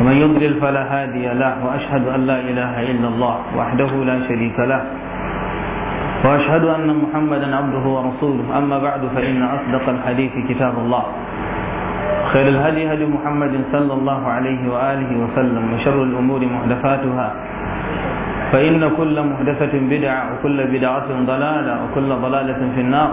ومن يضلل فلا هادي له وأشهد أن لا إله إلا الله وحده لا شريك له وأشهد أن محمدا عبده ورسوله أما بعد فإن أصدق الحديث كتاب الله خير الهدي هدي محمد صلى الله عليه وآله وسلم وشر الأمور محدثاتها فإن كل محدثة بدعة وكل بدعة ضلالة وكل ضلالة في النار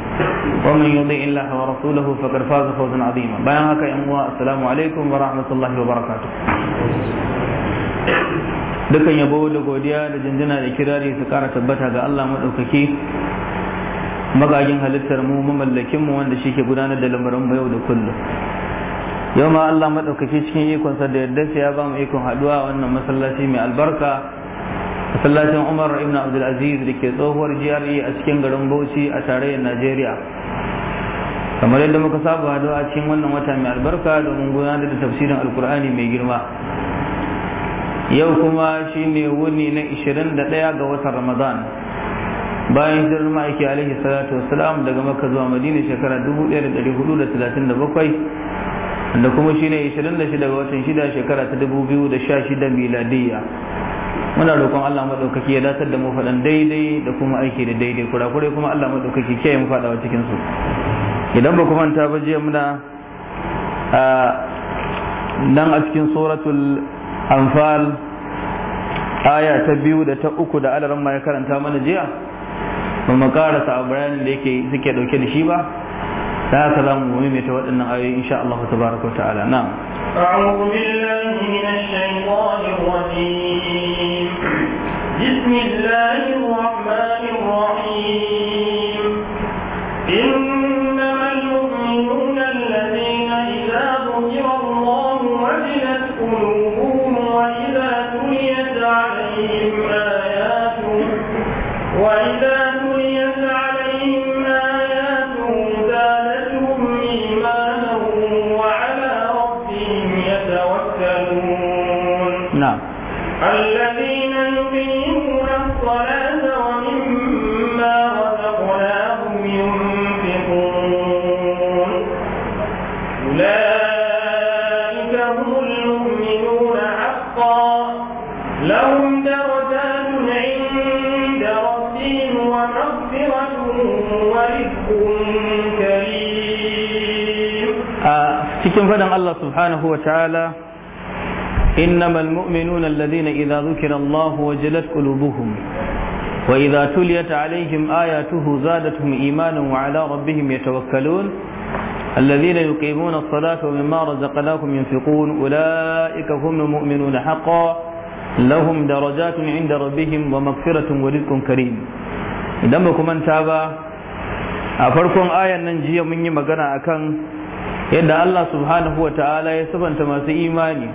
ومن يطع الله ورسوله فقد فاز فوزا عظيما بيان هكا السلام عليكم ورحمه الله وبركاته dukan yabo da godiya da jinjina da kirari su kara tabbata ga Allah maɗaukaki magagin halittar mu mamallakin mu wanda shike gudanar da lamarin mu yau da kullum yau ma Allah maɗaukaki cikin ikon sa da yadda ya ba mu ikon haɗuwa wannan masallaci mai albarka masallacin umar ibn abdulaziz da ke tsohuwar GRE a cikin garin bauchi a tarayyar najeriya kamar yadda muka saba da a cikin wannan wata mai albarka domin gudanar da tafsirin alkur'ani mai girma yau kuma shi ne wuni na 21 ga watan ramadan bayan hijirar ma'aiki alaihi salatu wasalam daga Makka zuwa madina shekara 1437 da kuma shi ne 26 ga watan 6 shekara ta 2016 miladiyya muna roƙon Allah maɗaukaki ya datar da mu faɗan daidai da kuma aiki da daidai kurakurai kuma Allah maɗaukaki kiyaye mu faɗawa cikin su idan ba ku manta ba jiya muna nan a cikin suratul anfal aya ta biyu da ta uku da alaran ya karanta mana jiya ba mu karasa a bayanin da yake suke ɗauke da shi ba da haka za mu mai ta waɗannan ayoyi insha Allah ta wa ta'ala na أعوذ بالله من الشيطان الرجيم بسم الله الرحمن الرحيم إنما المؤمنون الذين إذا ذكر الله وجلت قلوبهم وإذا تليت عليهم آياته وإذا magana Allah subhanahu wa ta'ala innamal mu'minuna alladhina idha dhukira Allahu wajalat qulubuhum wa idha tuliyat alayhim ayatuhu zadatuhum imanan wa ala rabbihim yatawakkalun alladhina yuqimuna as-salata wa mimma razaqnahum yunfiqun ulaika humul mu'minuna haqqan lahum darajatun 'inda rabbihim ba magfiratun wa rizqun karim idan ba kuma ta a farkon ayan nan jiya mun yi magana akan yadda Allah subhanahu wa ta'ala ya sabanta masu imani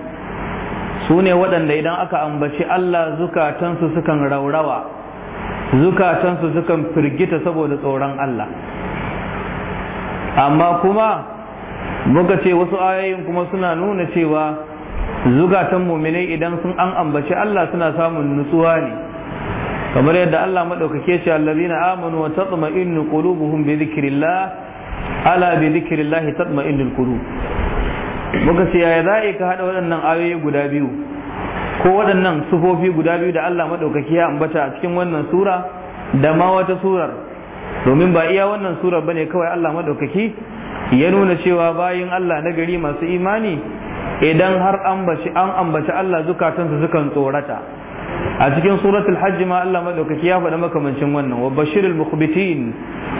su ne waɗanda idan aka ambaci Allah zukatansu sukan raurawa zukatansu sukan firgita saboda tsoron Allah amma kuma muka ce wasu ayoyin kuma suna nuna cewa zukatan muminai idan sun an ambaci Allah suna samun nutsuwa ne kamar yadda Allah maɗaukake shi allazina amanu wa tatma'innu qulubuhum bi dhikrillah ala bi zikrillahi tatma'innul qulub muka ce yaya za ka haɗa waɗannan ayoyi guda biyu ko waɗannan sufofi guda biyu da Allah Madaukaki ya ambata a cikin wannan sura da ma wata surar domin ba iya wannan surar bane kawai Allah Madaukaki ya nuna cewa bayin Allah na gari masu imani idan har an ambaci Allah zukatansu sukan tsorata a cikin suratul hajji ma Allah Madaukaki ya faɗa makamancin wannan wa bashirul mukhbitin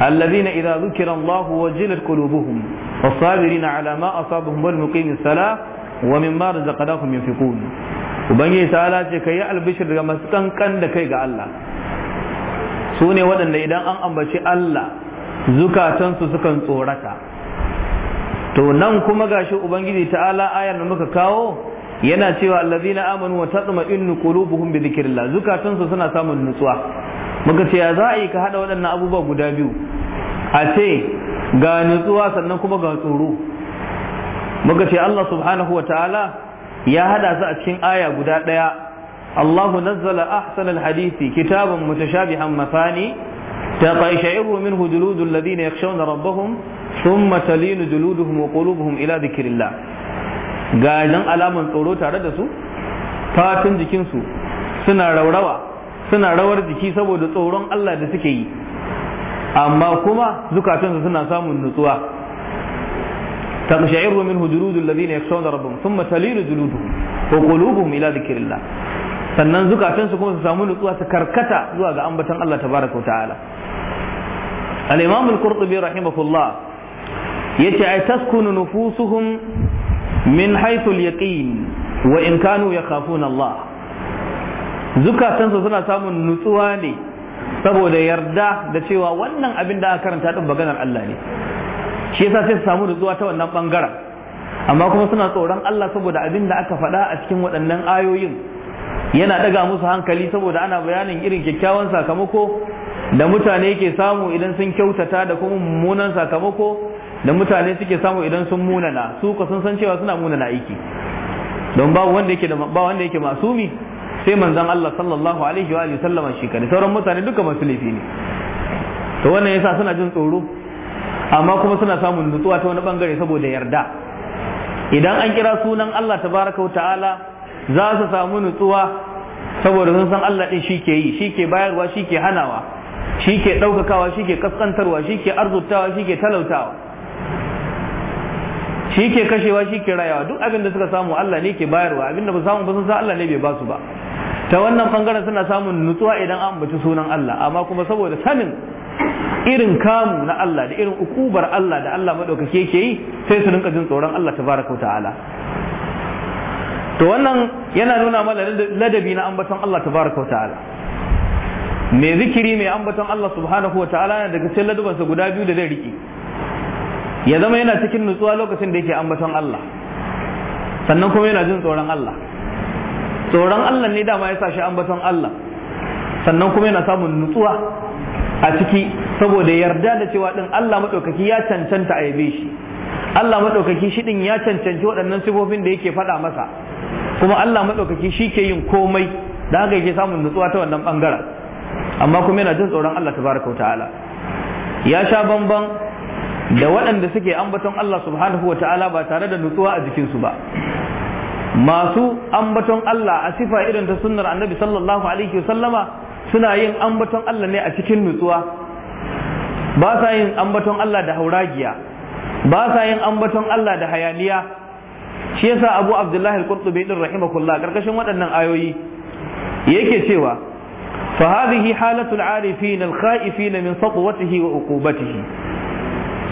الذين إذا ذكر الله وجلت قلوبهم والصابرين على ما أصابهم والمقيم الصلاة ومما رزقناهم ينفقون وبني تعالى كي البشر كما سكن كي الله سوني ودن إذا أن أمبشي الله زكاة سكن صورتا to nan kuma gashi ubangiji ta'ala ayar da muka kawo yana cewa allazina amanu wa tatma'innu qulubuhum bi dhikrillah zukatansu suna samun nutsuwa muka ce ya za a yi ka haɗa waɗannan abubuwa guda biyu a ce ga nutsuwa sannan kuma ga tsoro muka ce Allah subhanahu wa ta'ala ya haɗa su a cikin aya guda ɗaya Allahu nazzala ahsan alhadisi kitabun mutashabihan ta taqaishairu minhu juludul ladina yakhshawna rabbahum thumma talinu juluduhum wa qulubuhum ila dhikrillah ga nan alaman tsoro tare da su jikin jikinsu suna raurawa suna rawar jiki saboda tsoron Allah da suke yi amma kuma zukatansu suna samun nutsuwa تقشعر منه جلود الذين يخشون ربهم ثم تلين جلودهم وقلوبهم الى ila الله sannan zukatansu kuma su samu nutsuwa su karkata zuwa ga ambaton Allah tabaraka ta'ala al-imam al-qurtubi rahimahullah yace ay taskunu nufusuhum min haythu al-yaqin wa in kanu yakhafuna Allah zukatansa suna samun nutsuwa ne saboda yarda da cewa wannan abin da aka karanta din maganar Allah ne shi yasa sai su samu nutsuwa ta wannan bangaren amma kuma suna tsoron Allah saboda abin da aka faɗa a cikin waɗannan ayoyin yana ɗaga musu hankali saboda ana bayanin irin kyakkyawan sakamako da mutane ke samu idan sun kyautata da kuma mummunan sakamako da mutane suke samu idan sun munana su ka sun san cewa suna munana aiki don ba wanda yake ba wanda yake masumi sai manzon Allah sallallahu alaihi wa alihi sallama shi kare sauran mutane duka masu laifi ne to wannan yasa suna jin tsoro amma kuma suna samun nutsuwa ta wani bangare saboda yarda idan an kira sunan Allah tabaraka wa ta'ala za su samu nutsuwa saboda sun san Allah din shike yi shike bayarwa shike hanawa shike daukakawa shike kaskantarwa shike arzutawa shike talautawa shike kashewa shike rayawa duk abin da suka samu Allah ne ke bayarwa abin da ba samu ba sun san Allah ne bai basu ba ta wannan bangaren suna samun nutsuwa idan an ambaci sunan Allah amma kuma saboda sanin irin kamu na Allah da irin ukubar Allah da Allah maɗaukake yake yi sai su rinka jin tsoron Allah tabaraka wa ta'ala to wannan yana nuna mana ladabi na ambaton Allah tabaraka wa ta'ala mai zikiri mai ambaton Allah subhanahu wa ta'ala yana daga cikin ladubansa guda biyu da zai riƙe ya zama yana cikin nutsuwa lokacin da yake ambaton Allah sannan kuma yana jin tsoron Allah tsoron Allah ne dama ya sa shi ambaton Allah sannan kuma yana samun nutsuwa a ciki saboda yarda da cewa din Allah maɗaukaki ya cancanta a yabe shi Allah maɗaukaki shi din ya cancanci waɗannan sifofin da yake faɗa masa kuma Allah maɗaukaki shi ke yin komai da haka yake samun nutsuwa ta wannan ɓangaren amma kuma yana jin tsoron Allah tabaraka ya sha bamban da waɗanda suke ambaton Allah subhanahu wa ta'ala ba tare da nutsuwa a jikinsu ba masu ambaton Allah a sifa irin ta sunnar annabi sallallahu alaihi wasallama suna yin ambaton Allah ne a cikin nutsuwa ba sa yin ambaton Allah da hauragiya ba sa yin ambaton Allah da hayaniya shi yasa Abu Abdullahi al-Qurtubi din rahimahullah karkashin waɗannan ayoyi yake cewa fa hadhihi halatul arifin al-khaifin min saqwatihi wa uqubatihi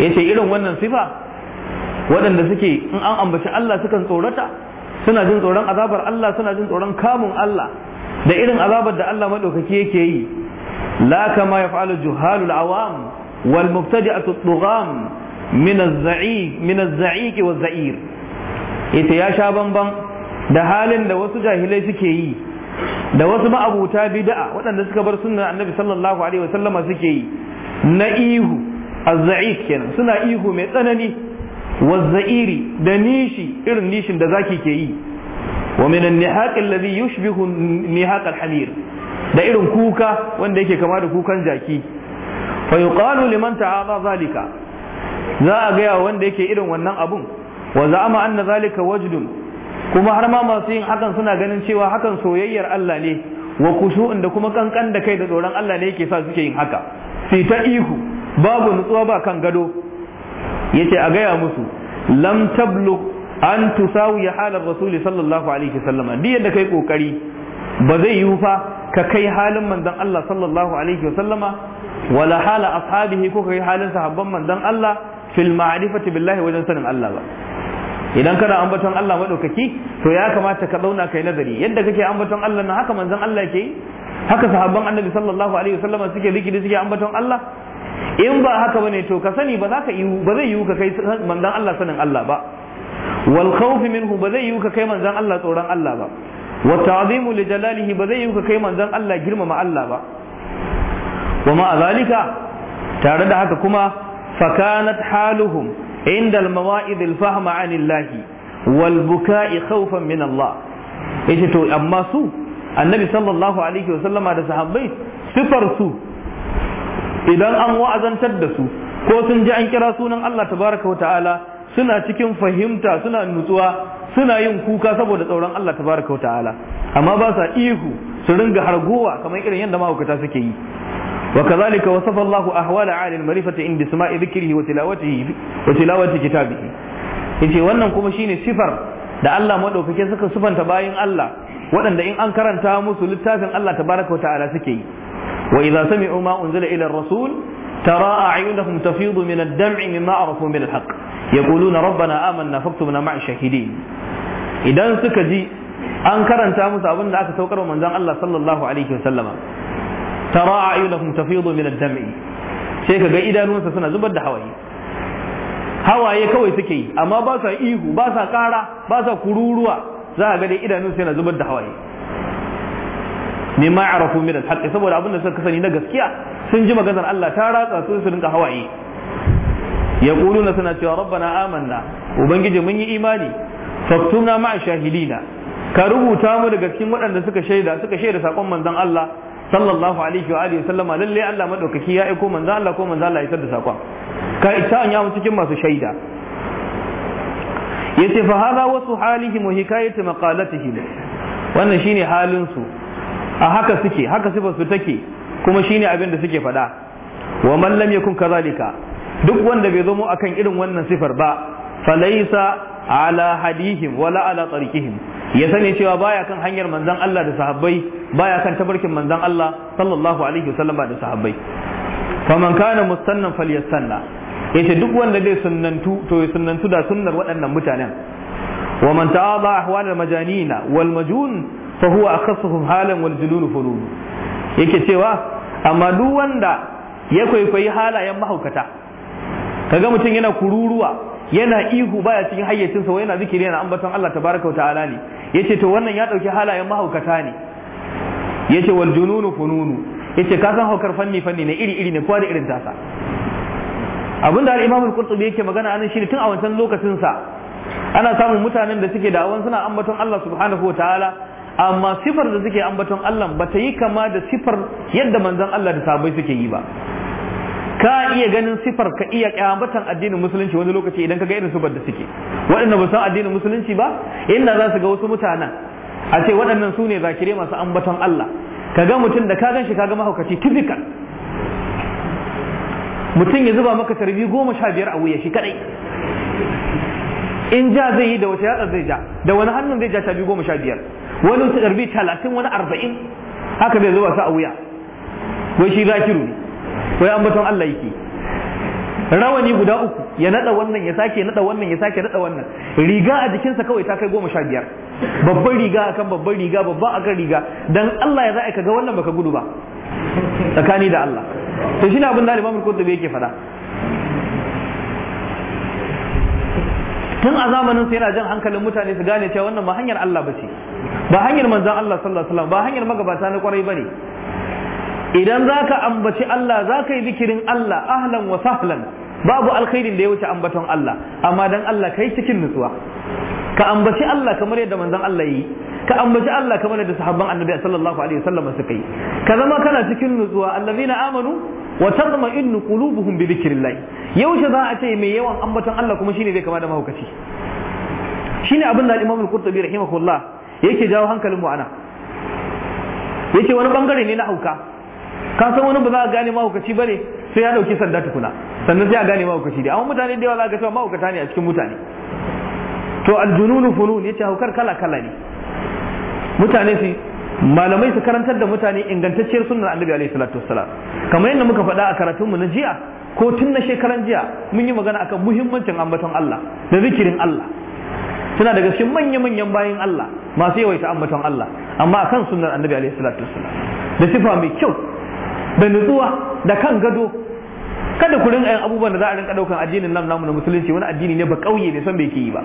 yace irin wannan sifa waɗanda suke in an ambaci Allah sukan tsorata suna jin tsoron azabar Allah suna jin tsoron kamun Allah da irin azabar da Allah maɗaukaki yake yi la kama yaf'alu juhalul awam wal mubtadi'atu tugham min az-za'iq min az-za'iq wa zair ita ya sha bamban da halin da wasu jahilai suke yi da wasu ma'abuta bid'a waɗanda suka bar sunnar annabi sallallahu alaihi wasallama suke yi na ihu az-za'iq kenan suna ihu mai tsanani wazza'iri da nishi irin nishin da zaki ke yi wa min an-nihaq alladhi yushbihu nihaq al-hamir da irin kuka wanda yake kama da kukan jaki fa yuqalu liman ta'aba zalika za a gaya wanda yake irin wannan abun wa za'ama zalika wajdun kuma har ma masu yin hakan suna ganin cewa hakan soyayyar Allah ne wa kushu'un da kuma kankan da kai da tsoron Allah ne yake sa suke yin haka sai ihu babu nutsuwa ba kan gado yace a gaya musu lam tablugh an tusawi halar rasuli sallallahu alaihi sallama duk yadda kai kokari ba zai yiwu fa ka kai halin manzon Allah sallallahu alaihi sallama wala hala ashabihi ko kai halin sahabban manzon Allah fil ma'rifati billahi wajen sanin Allah ba idan kana ambaton Allah madaukaki to ya kamata ka zauna kai nazari yadda kake ambaton Allah na haka manzon Allah yake haka sahabban annabi sallallahu alaihi wasallama suke zikiri suke ambaton Allah in ba haka bane to ka sani ba za ka yiwu ba zai yiwu ka kai manzan Allah sanin Allah ba wal khawf minhu ba zai yiwu ka kai manzan Allah tsoron Allah ba wa ta'zimu li jalalihi ba zai yiwu ka kai manzan Allah girmama Allah ba wa ma zalika tare da haka kuma fakanat haluhum inda al-mawa'id al-fahma 'anillahi wal buka'i khawfan min Allah yace to amma su annabi sallallahu alaihi wasallama da sahabbai sifar su idan an wa'azantar da su ko sun ji an kira sunan Allah tabaraka suna cikin fahimta suna nutsuwa suna yin kuka saboda tsoron Allah tabaraka amma ba sa ihu su ringa hargowa kamar irin yadda mahaukata suke yi وكذلك وصف الله أحوال da المعرفة عند سماع ذكره وتلاوته وتلاوة كتابه yace wannan kuma shine sifar da Allah madaukake suka sifanta bayan Allah waɗanda in an karanta musu littafin Allah tabaraka wa suke yi وإذا سمعوا ما أنزل إلى الرسول ترى أعينهم تفيض من الدمع مما عرفوا من الحق يقولون ربنا آمنا فاكتبنا مع الشهيدين إذا سكجي an karanta musu abin da aka saukar wa manzon Allah sallallahu alaihi wasallama tara a'yunahum tafidu min ad-dam'i sai kaga idanunsa suna zubar da hawaye hawaye kawai suke yi amma basa sa ihu basa kara basa kururuwa za ka ga idanunsa yana zubar da hawaye mimma arafu min al-haqq saboda abin da suka sani na gaskiya sun ji maganar Allah ta ratsa su su rinka hawaye yaquluna suna cewa rabbana amanna ubangiji mun yi imani faktuna ma'a shahidina ka rubuta mu daga cikin waɗanda suka shaida suka shaida sakon manzan Allah sallallahu alaihi wa alihi sallama lalle Allah madaukaki ya aiko manzan Allah ko manzan Allah ya tada sakon ka ita an yawo cikin masu shaida yace fa hada wasu halihim wa hikayatu maqalatihim wannan shine halin su a haka suke haka sifar su take kuma shine abin da suke faɗa wa man lam yakun kazalika duk wanda bai zamo akan irin wannan sifar ba falaisa ala hadihim wala ala tsarkihim ya sani cewa baya kan hanyar manzon Allah da sahabbai baya kan tabarkin manzon Allah sallallahu alaihi wasallam da sahabbai faman kana mustannan falyastanna yace duk wanda zai sunnantu to ya sunnantu da sunnar waɗannan mutanen wa man ta'aba ahwal al majanina wal majun fa a akhassuhum halan wal jululu fulul yake cewa amma duk wanda ya kwaikwayi halayen mahaukata kaga mutum yana kururuwa yana ihu baya cikin hayyacinsa wai yana zikiri yana ambaton Allah tabaraka wa ta'ala ne yace to wannan ya dauki halayen mahaukata ne yace wal jununu fununu yace ka san haukar fanni fanni ne iri iri ne kowa da irin tasa abinda al-Imam al-Qurtubi yake magana anan shi tun a wancan lokacin sa ana samun mutanen da suke da awan suna ambaton Allah subhanahu wa ta'ala amma sifar da suke ambaton Allah ba ta yi kama da sifar yadda manzon Allah da sahabbai suke yi ba ka iya ganin sifar ka iya kyamatan addinin musulunci wani lokaci idan ka ga irin sifar da suke waɗanda ba san addinin musulunci ba inda za su ga wasu mutanen a ce waɗannan su ne zakire masu ambaton Allah ka ga mutum da ka gan shi ka ga mahaukaci typical mutum ya zuba maka tarbi goma sha biyar a wuya shi kadai in ja zai yi da wata yatsa zai ja da wani hannun zai ja sha biyu goma sha biyar wani su ɗarbi talatin wani arba'in haka bai zuba su a wuya wai shi ki ne wai ambaton Allah yake rawani guda uku ya nada wannan ya sake nada wannan ya sake nada wannan riga a jikinsa kawai ta kai goma sha biyar babban riga akan babban riga babban akan riga dan Allah ya za ka ga wannan baka gudu ba tsakani da Allah to shine abin da Imam Qurtubi yake faɗa tun a zamanin su yana jan hankalin mutane su gane cewa wannan ma hanyar Allah ba ce ba hanyar manzan Allah sallallahu alaihi wasallam ba hanyar magabata na kwarai bane idan zaka ambaci Allah zaka yi zikirin Allah ahlan wa sahlan babu alkhairin da ya wuce ambaton Allah amma dan Allah kai cikin nutsuwa ka ambaci Allah kamar yadda manzan Allah yi ka ambaci Allah kamar yadda sahabban annabi sallallahu alaihi wasallam suka yi ka zama kana cikin nutsuwa allazina amanu wa tatma'innu qulubuhum bi dhikrillah yaushe za a ce mai yawan ambaton Allah kuma shine zai kama da mahaukaci shine abin da Imam Al-Qurtubi rahimahullah yake jawo hankalin mu ana yake wani bangare ne na hauka ka san wani ba za a gane mahaukaci ba ne sai ya dauki sanda tukuna sannan sai a gane mahaukaci dai amma mutane da yawa za ga cewa mahaukata ne a cikin mutane to aljununu funun yace haukar kala kala ne mutane su malamai su karantar da mutane ingantacciyar sunnar annabi alaihi salatu wassalam kamar yadda muka faɗa a mu na jiya ko tun na shekaran jiya mun yi magana akan muhimmancin ambaton Allah da zikirin Allah suna daga cikin manya-manyan bayan Allah masu yawaita ambaton Allah amma akan sunnar annabi alaihi salatu wasallam da sifa mai kyau da nutsuwa da kan gado kada ku ayan yin abubuwan da za a rinka daukan addinin nan namu na musulunci wani addini ne ba kauye ne san bai ke yi ba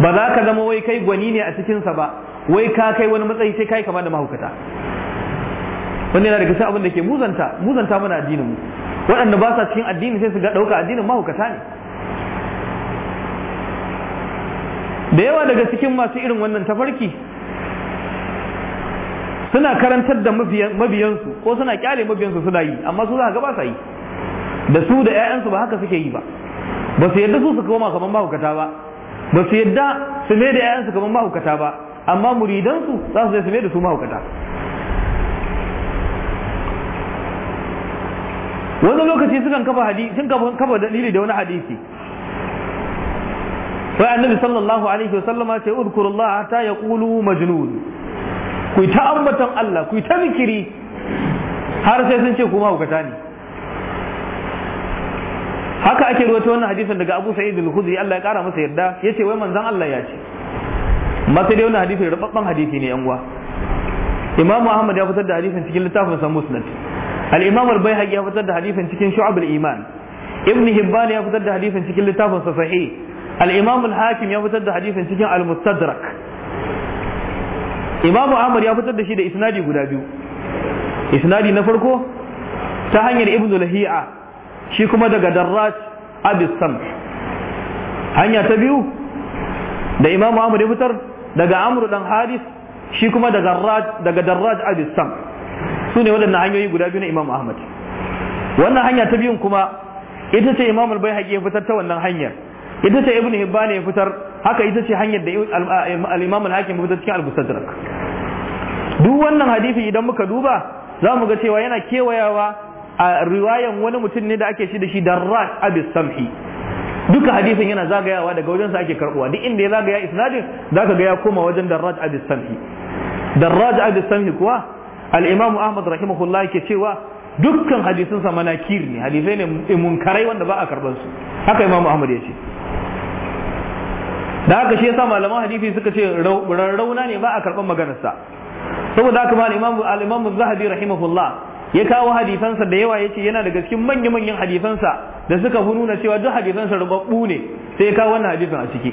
ba za ka zama wai kai gwani ne a cikin sa ba wai ka kai wani matsayi sai kai kama da mahaukata wannan yana daga cikin abin da ke muzanta muzanta mana addinin mu waɗanda ba sa cikin addini sai su ga dauka addinin mahaukata ne da yawa daga cikin masu irin wannan tafarki suna karantar da mabiyansu ko suna kyale mabiyansu suna yi amma su za ka ba sa yi da su da 'ya'yansu ba haka suke yi ba ba su yadda su su koma kaman mahaukata ba ba su yadda su mai da 'ya'yansu kaman mahaukata ba amma muridansu za su zai su mai da su mahaukata wani lokaci sukan kafa hadisi sun kafa dalili da wani hadisi wai annabi sallallahu alaihi wasallama ce udkurullah ta yaqulu majnun ku ta ambaton Allah ku ta mikiri. har sai sun ce kuma hukata ne haka ake ruwata wannan hadisin daga Abu Sa'id al-Khudri Allah ya kara masa yarda yace wai manzon Allah ya ce amma sai dai wannan hadisi rubabban hadisi ne yan uwa Imam Ahmad ya fitar da hadisin cikin littafin sa Musnad al-Imam al-Baihaqi ya fitar da hadisin cikin Shu'ab al-Iman Ibn Hibban ya fitar da hadisin cikin littafin sa Sahih al-imam al-hakim ya fitar da hadisin cikin al imam ahmad ya fitar da shi da isnadi guda biyu isnadi na farko ta hanyar shi kuma daga hanya ta biyu da imam ahmad ya fitar daga amru dan shi kuma daga darraj daga darraj sam su ne waɗannan hanyoyi guda biyu na imam ahmad wannan hanya ta biyun kuma ita ce imam al-baihaqi ya fitar ta wannan hanyar ita ce ibn hibban ya fitar haka ita ce hanyar da al-imam al-hakim ya fitar cikin al-mustadrak duk wannan hadisi idan muka duba za mu ga cewa yana kewayawa a riwayan wani mutum ne da ake shi da shi darras abis samhi duka hadisin yana zagayawa daga wajen sa ake karbuwa duk inda ya zagaya isnadin zaka ga ya koma wajen darraj abis samhi darraj abis samhi kuwa al-imam ahmad rahimahullah yake cewa dukkan hadisin sa manakir ne hadisai ne munkarai wanda ba a karban su haka imam ahmad ya ce da haka shi yasa malaman hadisi suka ce rarrauna ne ba a karban maganarsa saboda haka ma al-imam al-imam zahabi rahimahullah ya kawo hadisansa da yawa yace yana daga cikin manya-manyan hadisansa da suka nuna cewa duk hadisansa rubabbu ne sai ya kawo wannan hadisin a ciki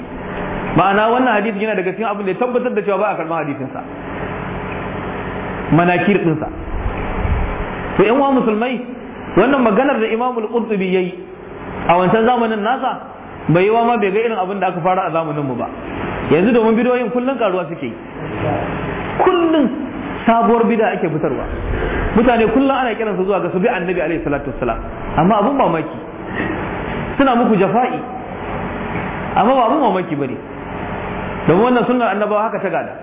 ma'ana wannan hadisi yana daga cikin abin da ya tabbatar da cewa ba a karban hadisinsa manakir dinsa to yan uwa musulmai wannan maganar da imam al-qurtubi yayi a wancan zamanin nasa bai yi wa ma bai ga irin abin da aka fara a zamanin mu ba yanzu domin bidoyin kullun karuwa suke yi kullun sabuwar bida ake fitarwa mutane kullun ana kiransa zuwa ga su bi annabi alaihi salatu wassalam amma abun mamaki suna muku jafa'i amma ba abun mamaki bane domin wannan sunnar annabawa haka ta gada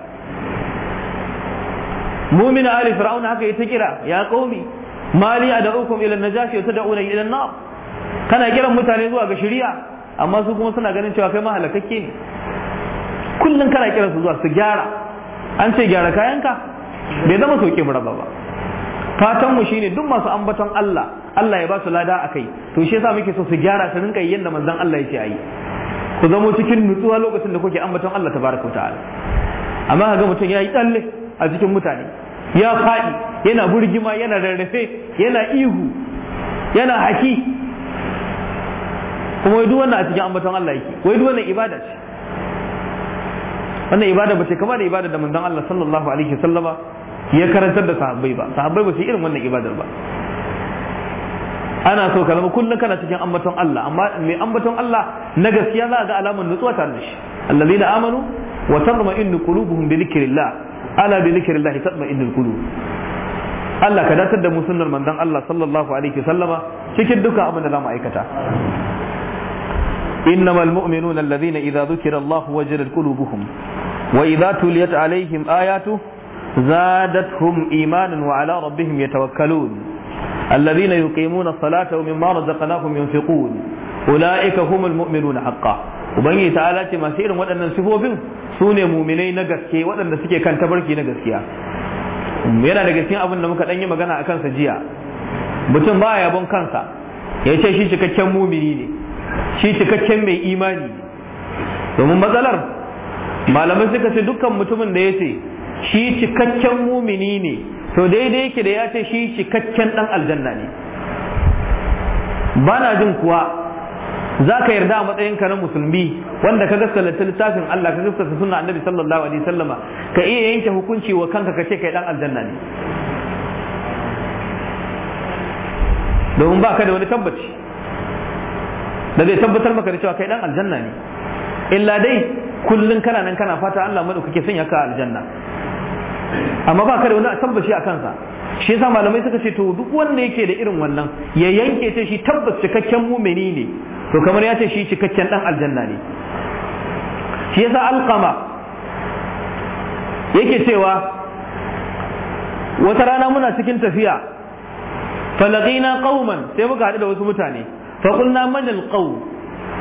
mu'mina ali fir'auna haka ta kira ya qaumi mali ad'ukum ila an-najashi wa tad'una ila an-nar kana kiran mutane zuwa ga shari'a amma su kuma suna ganin cewa kai ma halakakke ne kullum kana kira su zuwa su gyara an ce gyara kayanka bai zama soke mu raba ba fatan mu shine duk masu ambaton Allah Allah ya ba su lada akai to shi yasa muke so su gyara su rinka yin da manzon Allah yake ayi ku zama cikin nutsuwa lokacin da kuke ambaton Allah tabaraka ta'ala amma ga mutum yayi tsalle a cikin mutane ya faɗi yana burgima yana rarrafe yana ihu yana haki kuma duk wannan a cikin ambaton Allah yake wai duk wannan ibada ce wannan ibada ba ce kama da ibada da manzon Allah sallallahu alaihi wasallama ya karantar da sahabbai ba sahabbai ba su irin wannan ibadar ba ana so ka zama kullum kana cikin ambaton Allah amma mai ambaton Allah na gaskiya za a ga alamun nutsuwa tare da shi allazina amanu wa tatma'innu qulubuhum bi dhikrillah ala bi dhikrillah tatma'innu qulub Allah ka datar da mu sunnar manzon Allah sallallahu alaihi wasallama cikin duka abin da za mu aikata إنما المؤمنون الذين إذا ذكر الله وجلت قلوبهم وإذا تليت عليهم آياته زادتهم إيمانا وعلى ربهم يتوكلون الذين يقيمون الصلاة ومما رزقناهم ينفقون أولئك هم المؤمنون حقا ubangi ta ala ce masu irin waɗannan sifofin Sune ne muminai na gaske waɗanda suke kan tabarki na gaskiya yana daga cikin abin da muka ɗan yi magana a kansa jiya mutum ba yabon kansa ya ce shi cikakken mumini ne shi cikakken mai imani domin matsalar malamai suka ce dukkan mutumin da ya ce shi cikakken mumini ne to daidai yake da ya ce shi cikakken dan aljanna ne bana jin kuwa za ka yarda a matsayinka na musulmi wanda ka gaskata littafin Allah ka gaskata sunna annabi sallallahu alaihi wasallama ka iya yanke hukunci wa kanka ka ce kai dan aljanna ne domin ba ka da wani tabbaci da zai tabbatar maka da cewa kai dan aljanna ne illa dai kullun kana nan kana fata Allah madaukake sanya ka aljanna amma ba ka da wani tabbaci a kansa shi yasa malamai suka ce to duk wanda yake da irin wannan ya yanke ce shi tabbas cikakken mumini ne to kamar ya ce shi cikakken dan aljanna ne shi yasa alqama yake cewa wata rana muna cikin tafiya falaqina qauman sai muka haɗu da wasu mutane fa qulna man alqaw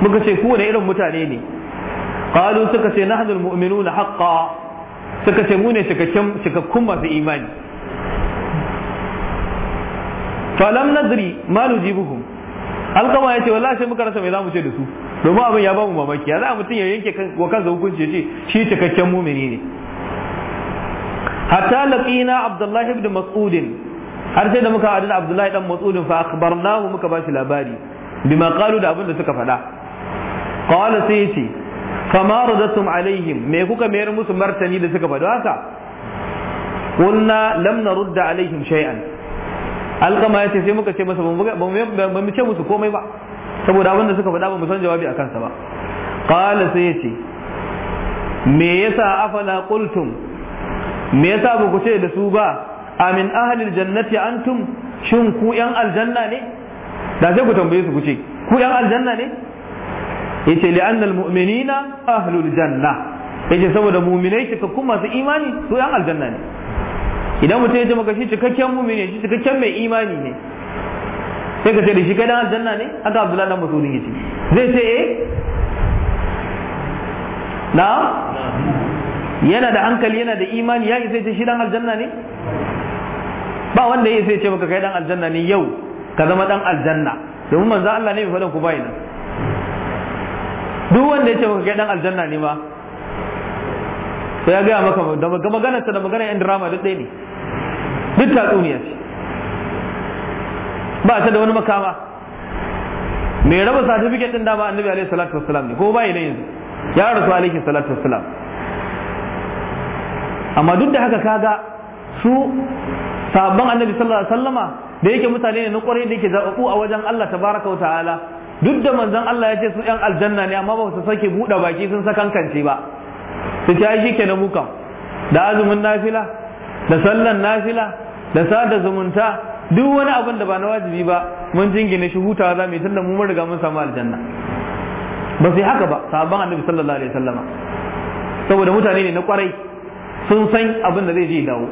muka ce ku irin mutane ne qalu suka ce nahnu almu'minuna haqqan suka ce mu ne cikakken cikakkun masu imani falam nadri ma nujibuhum alqama yace wallahi sai muka rasa me zamu ce da su domin abin ya bamu mamaki ya za mutum ya yanke wa kansa hukunci ya ce shi cikakken mumini ne hatta laqina abdullahi ibn mas'udin har sai da muka haɗu abdullahi dan mas'udin fa akhbarnahu muka bashi labari bima qalu da abinda suka faɗa qala sai yace fama radatum alaihim me kuka mayar musu martani da suka faɗa haka qulna lam narudda alaihim shay'an alqama yace sai muka ce masa ba mu ce musu komai ba saboda abinda suka faɗa ba mu san jawabi akan sa ba qala sai yace me yasa afala qultum me yasa ba ku ce da su ba amin ahlil jannati antum shin ku yan aljanna ne da sai ku tambaye su ku ce ku yan aljanna ne yace li'anna almu'minina ahlul janna yace saboda mu'minai kuma masu imani su yan aljanna ne idan mutum ya maka shi cikakken mu'mini shi cikakken mai imani ne sai ka ce da shi kai dan aljanna ne aka abdullahi dan masudin yace zai ce eh na yana da hankali yana da imani ya ce shi dan aljanna ne ba wanda ya sai ce maka kai dan aljanna ne yau ka zama dan aljanna domin manzo Allah ne bai faɗin ku bai nan duk wanda ya ce kai dan aljanna ne ma to ya gaya maka da magana ta da magana yan drama duk ɗaya ne duk ta duniya ce ba ta da wani makama mai raba certificate din ba annabi alaihi salatu wassalam ne ko bai ne yanzu ya rasu alaihi salatu wassalam amma duk da haka kaga su sabon annabi sallallahu alaihi wasallama da yake mutane ne na kwarai da yake zaɓaɓɓu a wajen Allah Ta wa ta'ala duk da manzon Allah ya ce su yan aljanna ne amma ba su sake buɗe baki sun sakankance ba su ce ai shike na mukan da azumin nafila da sallan nafila da sada zumunta duk wani abin da ba na wajibi ba mun jingine shi hutawa za mu yi tunda mu mun riga mun samu aljanna ba su yi haka ba sahabban annabi sallallahu alaihi wasallama saboda mutane ne na kwarai sun san abin da zai je dawo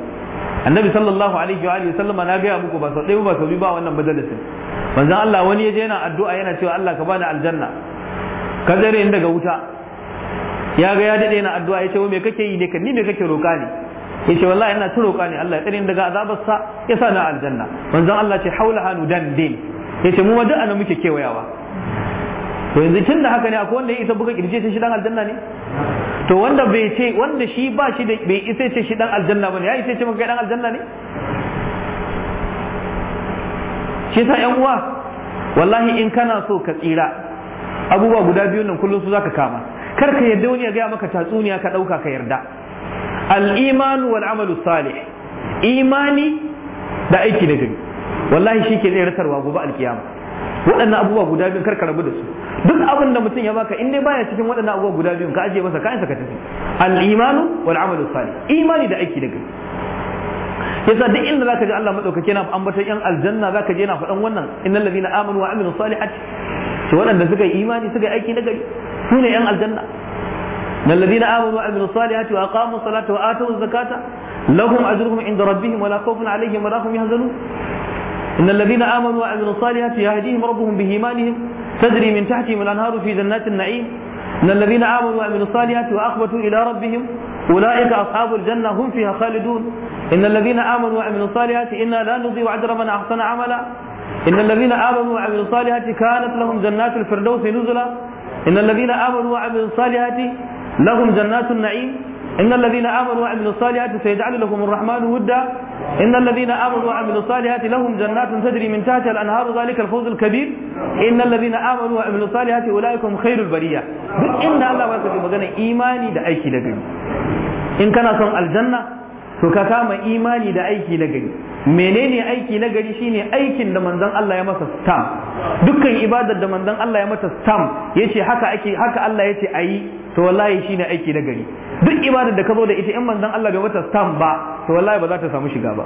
annabi sallallahu alaihi wa sallama na gaya muku ba sau ɗaya ba sau biyu ba wannan majalisin manzon Allah wani ya je yana addu'a yana cewa Allah ka bani aljanna ka tsare ni daga wuta ya ga ya dade yana addu'a ya ce me kake yi ne ka ni me kake roƙa ne ya ce wallahi ina ta roƙa ne Allah ya tsare ni daga azabarsa ya sa na aljanna manzon Allah ce haula hanu dan din ya ce mu ma duk anan muke kewayawa to yanzu tun da haka ne akwai wanda ya isa buga kirje shi dan aljanna ne to wanda bai ce wanda shi ba shi da bai isa ce shi dan aljanna bane ya isa ce maka dan aljanna ne shi yasa yan uwa wallahi in kana so ka tsira abubuwa guda biyu nan kullum su zaka kama kar ka yarda wani ya gaya maka tatsuniya ka dauka ka yarda al-iman wal amalu salih imani da aiki na gari wallahi shi ke tsayarwa gobe alkiyama waɗannan abubuwa guda biyu kar ka rabu da su duk abin da mutum ya baka in dai baya cikin waɗannan abubuwa guda biyu ka ajiye masa kayan sa ka tafi al-imanu wal amalu salih imani da aiki da gari yasa duk inda zaka ji Allah madaukake yana ambaton yan aljanna zaka je yana faɗan wannan innal ladina amanu wa amilus salihati to waɗanda suka yi imani suka yi aiki na gari su ne yan aljanna innal ladina amanu wa amilus salihati wa aqamu salata wa atu zakata lahum ajruhum inda rabbihim wa la khawfun alaihim wa la hum yahzanun innal ladina amanu wa amilus salihati yahdihim rabbuhum bi imanihim تدري من تحتهم الأنهار في جنات النعيم إن الذين آمنوا وعملوا الصالحات وأخبتوا إلى ربهم أولئك أصحاب الجنة هم فيها خالدون إن الذين آمنوا وعملوا الصالحات إنا لا نضيع أجر من أحسن عملا إن الذين آمنوا وعملوا الصالحات كانت لهم جنات الفردوس نزلا إن الذين آمنوا وعملوا الصالحات لهم جنات النعيم إن الذين آمنوا وعملوا الصالحات سيجعل لهم الرحمن ودا إن الذين آمنوا وعملوا الصالحات لهم جنات تجري من تحتها الأنهار ذلك الفوز الكبير إن الذين آمنوا وعملوا الصالحات أولئك هم خير البرية إن الله واسع مغنى إيماني دا أيكي لغري إن كان صنع الجنة to إيماني kama imani da aiki na gari menene aiki na gari shine aikin da dukkan ibadar da manzon Allah ya mata stam yace haka ake haka Allah yace ayi to wallahi shine aiki na gari duk ibadar da ka zo da ita in manzon Allah bai mata stam ba to wallahi ba za ta samu shiga ba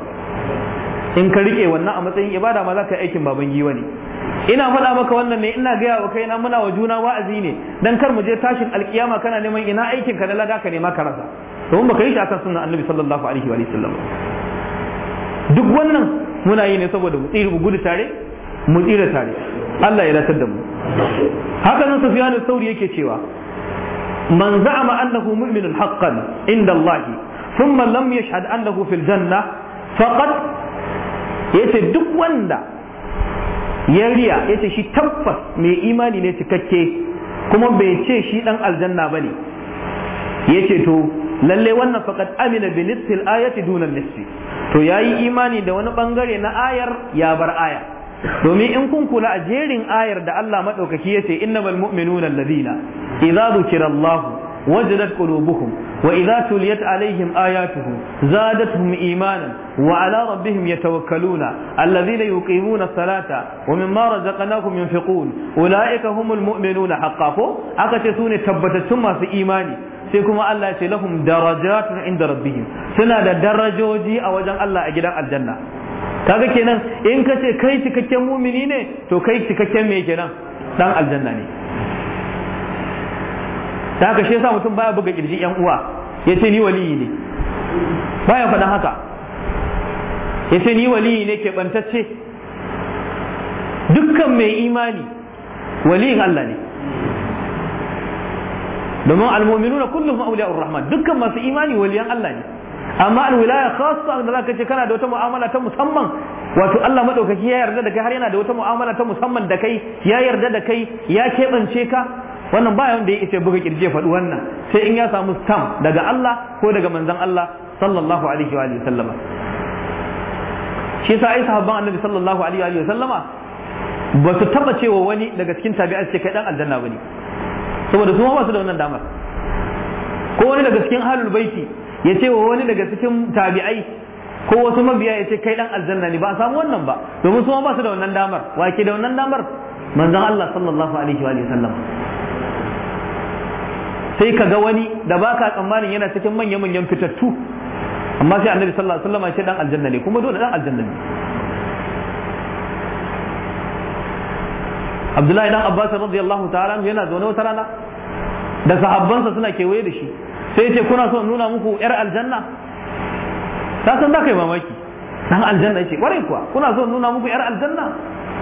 in ka rike wannan a matsayin ibada ma za ka yi aikin baban giwa ne ina faɗa maka wannan ne ina gaya wa kaina muna wa juna wa'azi ne dan kar mu je tashin alkiyama kana neman ina aikin ka na lada ka nema ka rasa mun baka yi shi akan sunnan annabi sallallahu alaihi wa sallam duk wannan muna yi ne saboda mu tsiri mu gudu tare mu tsira tare Allah ya latar da mu haka nan Sufyan al-Thawri yake cewa man za'ama annahu mu'minun haqqan inda Allah thumma lam yashhad annahu fil janna faqad yace duk wanda ya riya yace shi tabbas mai imani ne cikakke kuma bai ce shi dan aljanna bane yace to lalle wannan faqad amina bi nisfil ayati duna nisfi to yayi imani da wani bangare na ayar ya bar aya domin in kun kula a jerin ayar da Allah maɗaukaki ya ce innamal mu'minuna alladhina idza dhukira Allah wajadat qulubuhum wa idza tuliyat alaihim ayatuhu zadatuhum imanan wa ala rabbihim yatawakkaluna alladhina yuqimuna salata wa mimma razaqnahum yunfiqun ulaika humul mu'minuna haqqan aka ce sune tabbatattun masu imani sai kuma Allah ya ce lahum darajatun inda rabbihim suna da darajoji a wajen Allah a gidan aljanna kaga kenan in ka ce kai cikakken mumini ne to kai cikakken me kenan dan aljanna ne ta ka shi yasa mutum baya buga kirji yan uwa ya ni waliyi ne baya faɗan haka ya ni waliyi ne ke bantacce dukkan mai imani waliyin Allah ne domin almu'minuna kullum auliya'ur rahman dukkan masu imani waliyan Allah ne amma alwilaya khassa wanda zaka ce kana da wata mu'amala ta musamman wato Allah madaukaki ya yarda da kai har yana da wata mu'amala ta musamman da kai ya yarda da kai ya keɓance ka wannan ba wanda ya isa buga kirje faɗi wannan sai in ya samu stamp daga Allah ko daga manzon Allah sallallahu alaihi wa sallama shi yasa ai sahabban annabi sallallahu alaihi wa sallama ba su taba cewa wani daga cikin tabi'a ce kai dan aljanna bane saboda su ba su da wannan damar ko wani daga cikin halul baiti ya ce wa wani daga cikin tabi'ai ko wasu mabiya ya ce kai dan aljanna ne ba a samu wannan ba domin su ma ba su da wannan damar wa ke da wannan damar manzon Allah sallallahu alaihi wa sallam sai ka ga wani da baka tsammanin yana cikin manyan manyan fitattu amma sai annabi sallallahu alaihi wa sallam ya ce dan aljanna ne kuma dole dan aljanna ne Abdullahi dan Abbas radiyallahu ta'ala yana zaune wata rana da sahabbansa suna kewaye da shi sai ce kuna son nuna muku yar aljanna ta san za ka yi mamaki dan aljanna yace kwarai kuwa kuna son nuna muku yar aljanna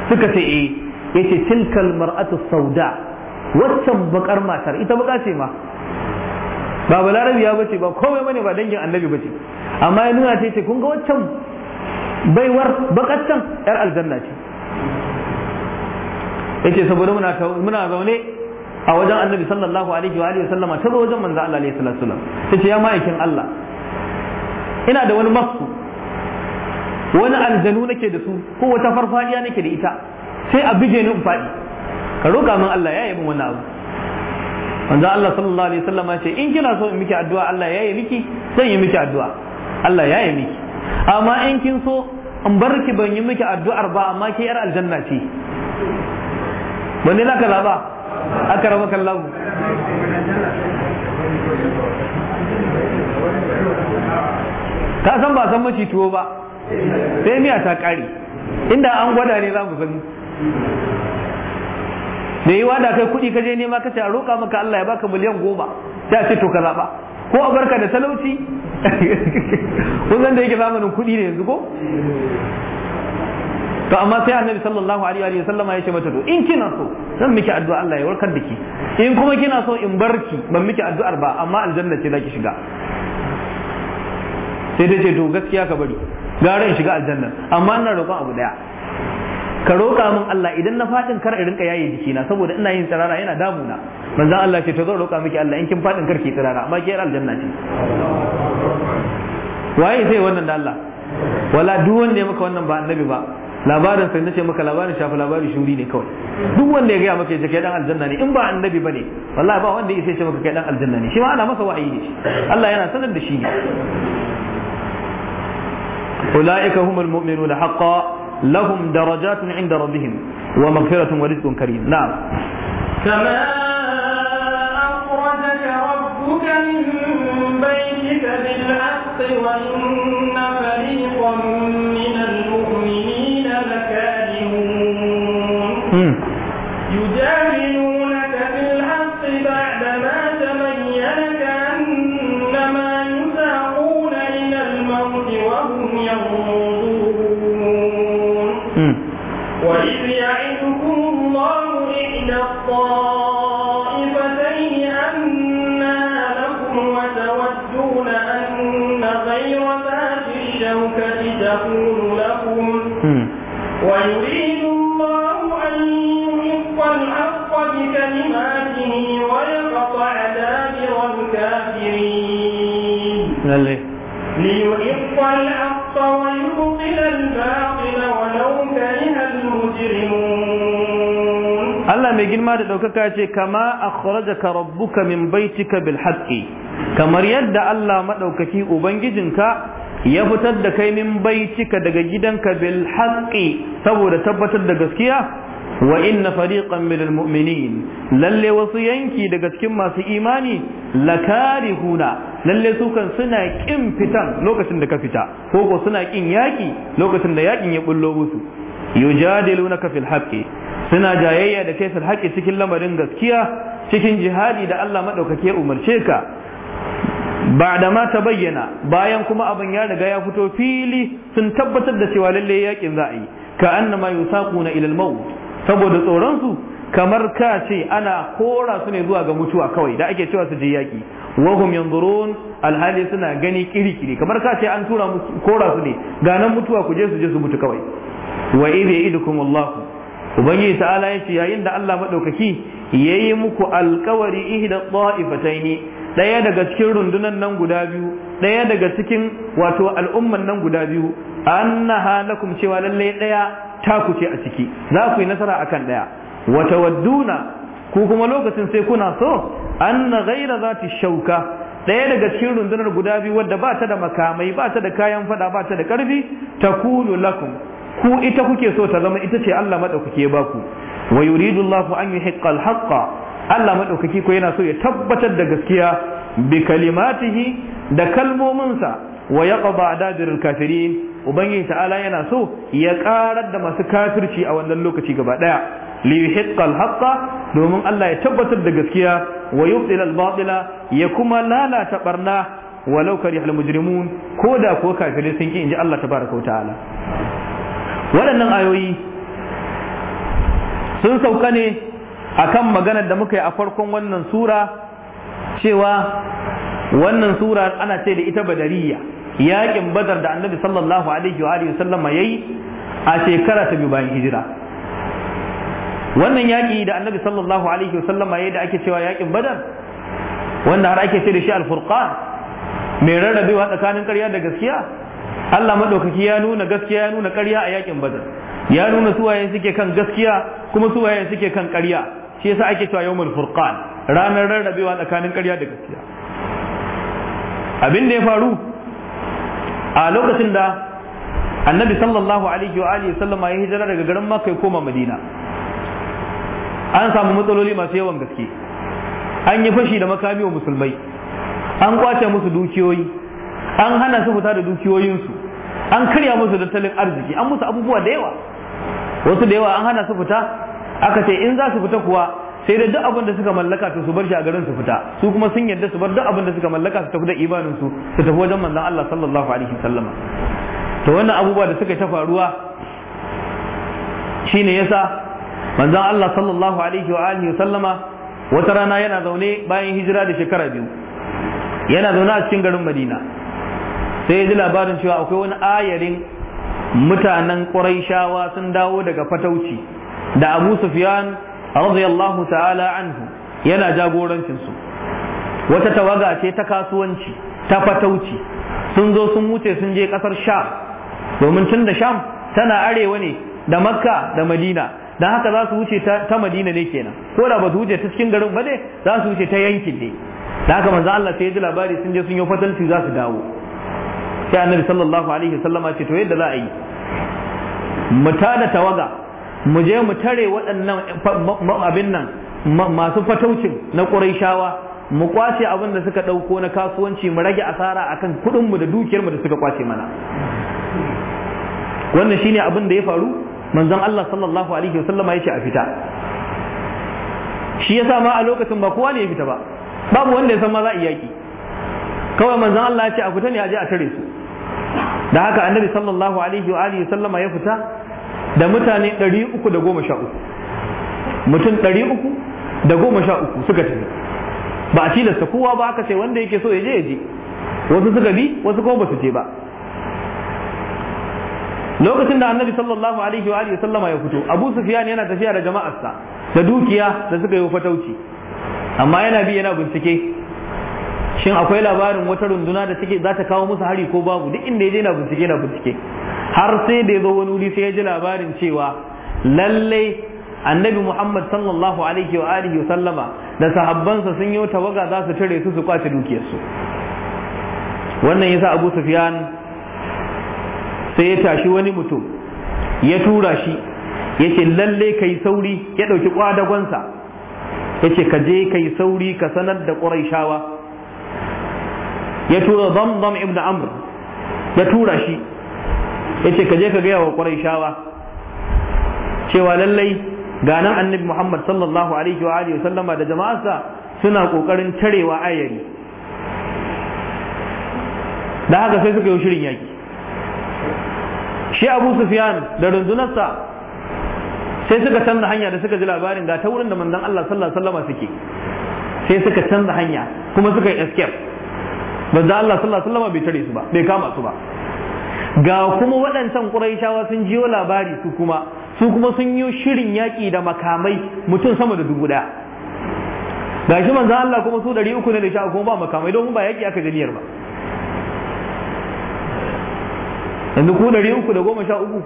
suka ce eh yace tilkal mar'atu sauda waccan bakar matar ita baka ce ma ba balarabi ya bace ba komai bane ba dangin annabi bace amma ya nuna ce kun ga waccan baiwar bakaccan yar aljanna ce yace saboda muna muna zaune a wajen annabi sallallahu alaihi wa alihi sallama ta zo wajen manzo Allah alaihi salatu wasallam ce ya ma'aikin Allah ina da wani masu wani aljanu nake da su ko wata farfadiya nake da ita sai a bije ni in faɗi ka roƙa min Allah ya yi min wani abu manzo Allah sallallahu alaihi wasallam ya ce in kina so in miki addu'a Allah ya yi miki zan yi miki addu'a Allah ya yi miki amma in kin so in bar ki ban yi miki addu'ar ba amma ke yar aljanna ce wanne zaka zaba aka rama kallon ka san ba san mace tuwo ba sai miya ta kare inda an gwada ne za mu sani da yi wada kai kuɗi ka je nema ka ce a roƙa maka Allah ya baka miliyan goma ta ce to ka zaɓa ko a barka da talauci kun san da yake zamanin kuɗi ne yanzu ko to amma sai annabi sallallahu alaihi wa sallama ya ce mata to in kina so zan miki addu'a Allah ya warkar da ki in kuma kina so in barki ban miki addu'ar ba amma aljanna ce zaki shiga sai dai ce to gaskiya ka bari gara in shiga aljanna amma ina roƙon abu daya ka roƙa min Allah idan na faɗin kar in rinka jiki jikina saboda ina yin tsirara yana damuna manzon Allah ce to zan roƙa miki Allah in kin faɗin kar ki tsirara amma ki aljanna ce waye sai wannan da Allah wala duk wanda ya maka wannan ba annabi ba labarin sai nace maka labarin shafi labari shuri ne kawai duk wanda ya ga maka ya ce kai dan aljanna ne in ba annabi bane wallahi ba wanda yake ce maka kai dan aljanna ne shi ma ana masa wahayi ne Allah yana sanar da shi ne ulaika humul mu'minuna haqqan lahum darajatun 'inda rabbihim wa maghfiratun wa rizqun karim na'am kama rabbuka min baytika bil بيتك wa inna fariqan ம் girma da ɗaukaka ce kama akhrajaka rabbuka min baitika bil kamar yadda Allah madaukaki ubangijinka ya fitar da kai min baitika daga gidanka bil haqqi saboda tabbatar da gaskiya wa inna fariqan min al mu'minin lalle wasu yanki daga cikin masu imani lakarihuna lalle su kan suna kin fitan lokacin da ka fita ko ko suna kin yaki lokacin da yakin ya bullo musu yujadilunaka fil haqqi suna jayayya da kai haƙƙi cikin lamarin gaskiya cikin jihadi da Allah maɗaukake umarce ka ba da ma ta bayyana bayan kuma abin ya riga ya fito fili sun tabbatar da cewa lalle yakin za a yi ka annama yusaquna ila al-maut saboda tsoron su kamar ka ce ana kora su ne zuwa ga mutuwa kawai da ake cewa su je yaki wahum yanzurun alhali suna gani kirikiri kamar ka ce an tura kora su ne ga nan mutuwa ku je su je su mutu kawai wa idh ya'idukum Allah ubangiji ta'ala ya ce yayin da Allah ya yi muku alkawari ihda ne ɗaya daga cikin rundunan nan guda biyu daya daga cikin wato al'umman nan guda biyu na halakum cewa lalle ɗaya ta ku ce a ciki za ku yi nasara a kan ɗaya wata wadduna ku kuma lokacin sai kuna so anna za zati shauka ɗaya daga cikin rundunar guda biyu wadda ba ta da makamai ba ta da kayan fada ba ta da karfi kulu lakum ku ita kuke so ta zama ita ce Allah maɗaukaki ya baku wa yuridu Allahu an yi al-haqqa Allah maɗaukaki ko yana so ya tabbatar da gaskiya bi kalimatihi da kalmominsa wa a adadir kafirin ubangiji ta'ala yana so ya karar da masu kafirci a wannan lokaci gaba daya li yuhiqqa al domin Allah ya tabbatar da gaskiya wa yubdil al-batila ya kuma lalata ɓarna walau laukari mujrimun ko da ko kafirai sun ki inji Allah tabaraka wa ta'ala waɗannan ayoyi sun sauka ne akan maganar da muka yi a farkon wannan sura cewa wannan sura ana ce da ita badariya yaƙin badar da annabi sallallahu alaihi wa alihi sallama yayi a shekara ta biyu bayan hijira wannan yaƙi da annabi sallallahu alaihi wa sallama yayi da ake cewa yaƙin badar wanda har ake ce da shi alfurqan mai rarrabewa tsakanin ƙarya da gaskiya Allah madaukaki ya nuna gaskiya ya nuna ƙarya a yakin badar ya nuna suwaye suke kan gaskiya kuma suwaye suke kan ƙarya shi yasa ake cewa yawmul furqan ranar rarrabewa tsakanin ƙarya da gaskiya abin da ya faru a lokacin da annabi sallallahu alaihi wa alihi sallama ya hijira daga garin makka ya koma madina an samu matsaloli masu yawan gaske an yi fashi da makami wa musulmai an kwace musu dukiyoyi an hana su fita da dukiyoyinsu an karya musu tattalin arziki an musu abubuwa da yawa wasu da yawa an hana su fita aka ce in za su fita kuwa sai da duk abin da suka mallaka to su bar shi a garin su fita su kuma sun yarda su bar duk abin da suka mallaka su tafi da imanin su su tafi wajen manzon Allah sallallahu alaihi wasallama to wannan abubuwa da suka ta faruwa shine yasa manzon Allah sallallahu alaihi wa alihi wasallama wata rana yana zaune bayan hijira da shekara biyu yana zaune a cikin garin Madina sai ji labarin cewa akwai wani ayarin mutanen ƙuraishawa sun dawo daga fatauci da abu sufyan radiyallahu ta'ala anhu yana jagorancinsu wata tawaga ce ta kasuwanci ta fatauci sun zo sun wuce sun je kasar sham domin tun da sham tana arewa ne da makka da madina don haka za su wuce ta madina ne kenan ko da ba su wuce ta cikin garin ba ne za su wuce ta yankin ne da haka manzo Allah sai ya ji labari sun je sun yi fatalci za su dawo sai annabi sallallahu alaihi sallama ce to yadda za a yi mu tada tawaga mu je mu tare waɗannan abin nan masu fataucin na ƙurayshawa mu kwace abin da suka ɗauko na kasuwanci mu rage asara akan kuɗinmu da dukiyarmu da suka kwace mana wannan shine abin da ya faru manzon Allah sallallahu alaihi wasallama ya ce a fita shi yasa ma a lokacin ba kowa ne ya fita ba babu wanda ya san ma za a yaki kawai manzon Allah ya ce a fita ne a je a tare su da haka annabi sallallahu alaihi wa alihi sallama ya fita da mutane 313 mutum 313 suka tafi ba a tilasta kowa ba aka ce wanda yake so ya je ya je wasu suka bi wasu kuma basu su je ba lokacin da annabi sallallahu alaihi wa alihi sallama ya fito abu sufyan yana tafiya da jama'arsa da dukiya da suka yi fatauci amma yana bi yana bincike shin akwai labarin wata runduna da take za ta kawo musu hari ko babu duk inda ya je na bincike na bincike har sai da ya zo wani wuri sai ya ji labarin cewa lallai annabi muhammad sallallahu alaihi wa alihi sallama da sahabbansa sun yi waga za su tare su su kwace dukiyarsu wannan yasa abu sufyan sai ya tashi wani mutum ya tura shi ya ce lalle kai sauri ya ɗauki kwadagonsa ya ce ka je kai sauri ka sanar da shawa. ya tura zamzam ibn amr ya tura shi ya ce ka je ka gaya wa ƙwarai shawa cewa lallai ga nan annabi muhammad sallallahu alaihi wa alihi sallama da jama'arsa suna ƙoƙarin tarewa ayari da haka sai suka yi shirin yaki shi abu sufyan da rundunarsa sai suka canza hanya da suka ji labarin ga ta wurin da manzon allah sallallahu alaihi suke sai suka canza hanya kuma suka yi escape manzo Allah sallallahu alaihi wasallam bai tare su ba bai kama su ba ga kuma waɗancan ƙuraishawa sun jiyo labari su kuma su kuma sun yi shirin yaƙi da makamai mutum sama da dubu ɗaya ga shi manzo Allah kuma su ɗari uku ne da sha kuma ba makamai don ba yaƙi aka janiyar ba yanzu ku ɗari uku da goma sha uku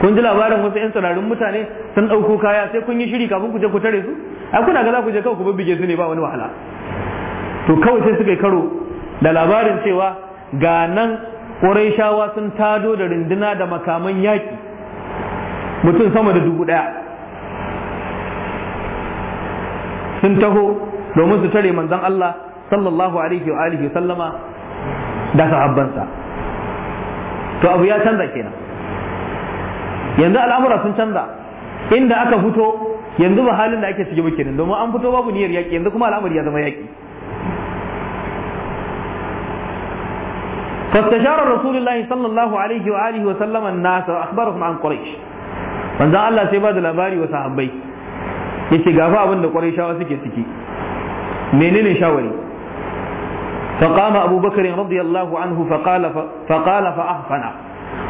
kun ji labarin wasu 'yan tsirarin mutane sun ɗauko kaya sai kun yi shiri kafin ku je ku tare su ai kuna ga za ku je kawai ku bibbige su ne ba wani wahala to kawai sai suka yi karo da labarin cewa ga nan ƙurayshawa sun tado da rinduna da makaman yaƙi mutum sama da dubu ɗaya sun taho domin su tare manzon Allah sallallahu alaihi wa alihi sallama da sahabbansa to abu ya canza kenan yanzu al'amura sun canza inda aka fito yanzu ba halin da ake ciki ba domin an fito babu niyyar yaƙi yanzu kuma al'amari ya zama yaƙi فاستشار رسول الله صلى الله عليه وآله وسلم الناس وأخبرهم عن قريش Allah sai ba da labari wa sahabbai yace gafa abin da Qurayshawa suke ciki menene shawari فقام أبو بكر رضي الله عنه فقال فقال فأحفنا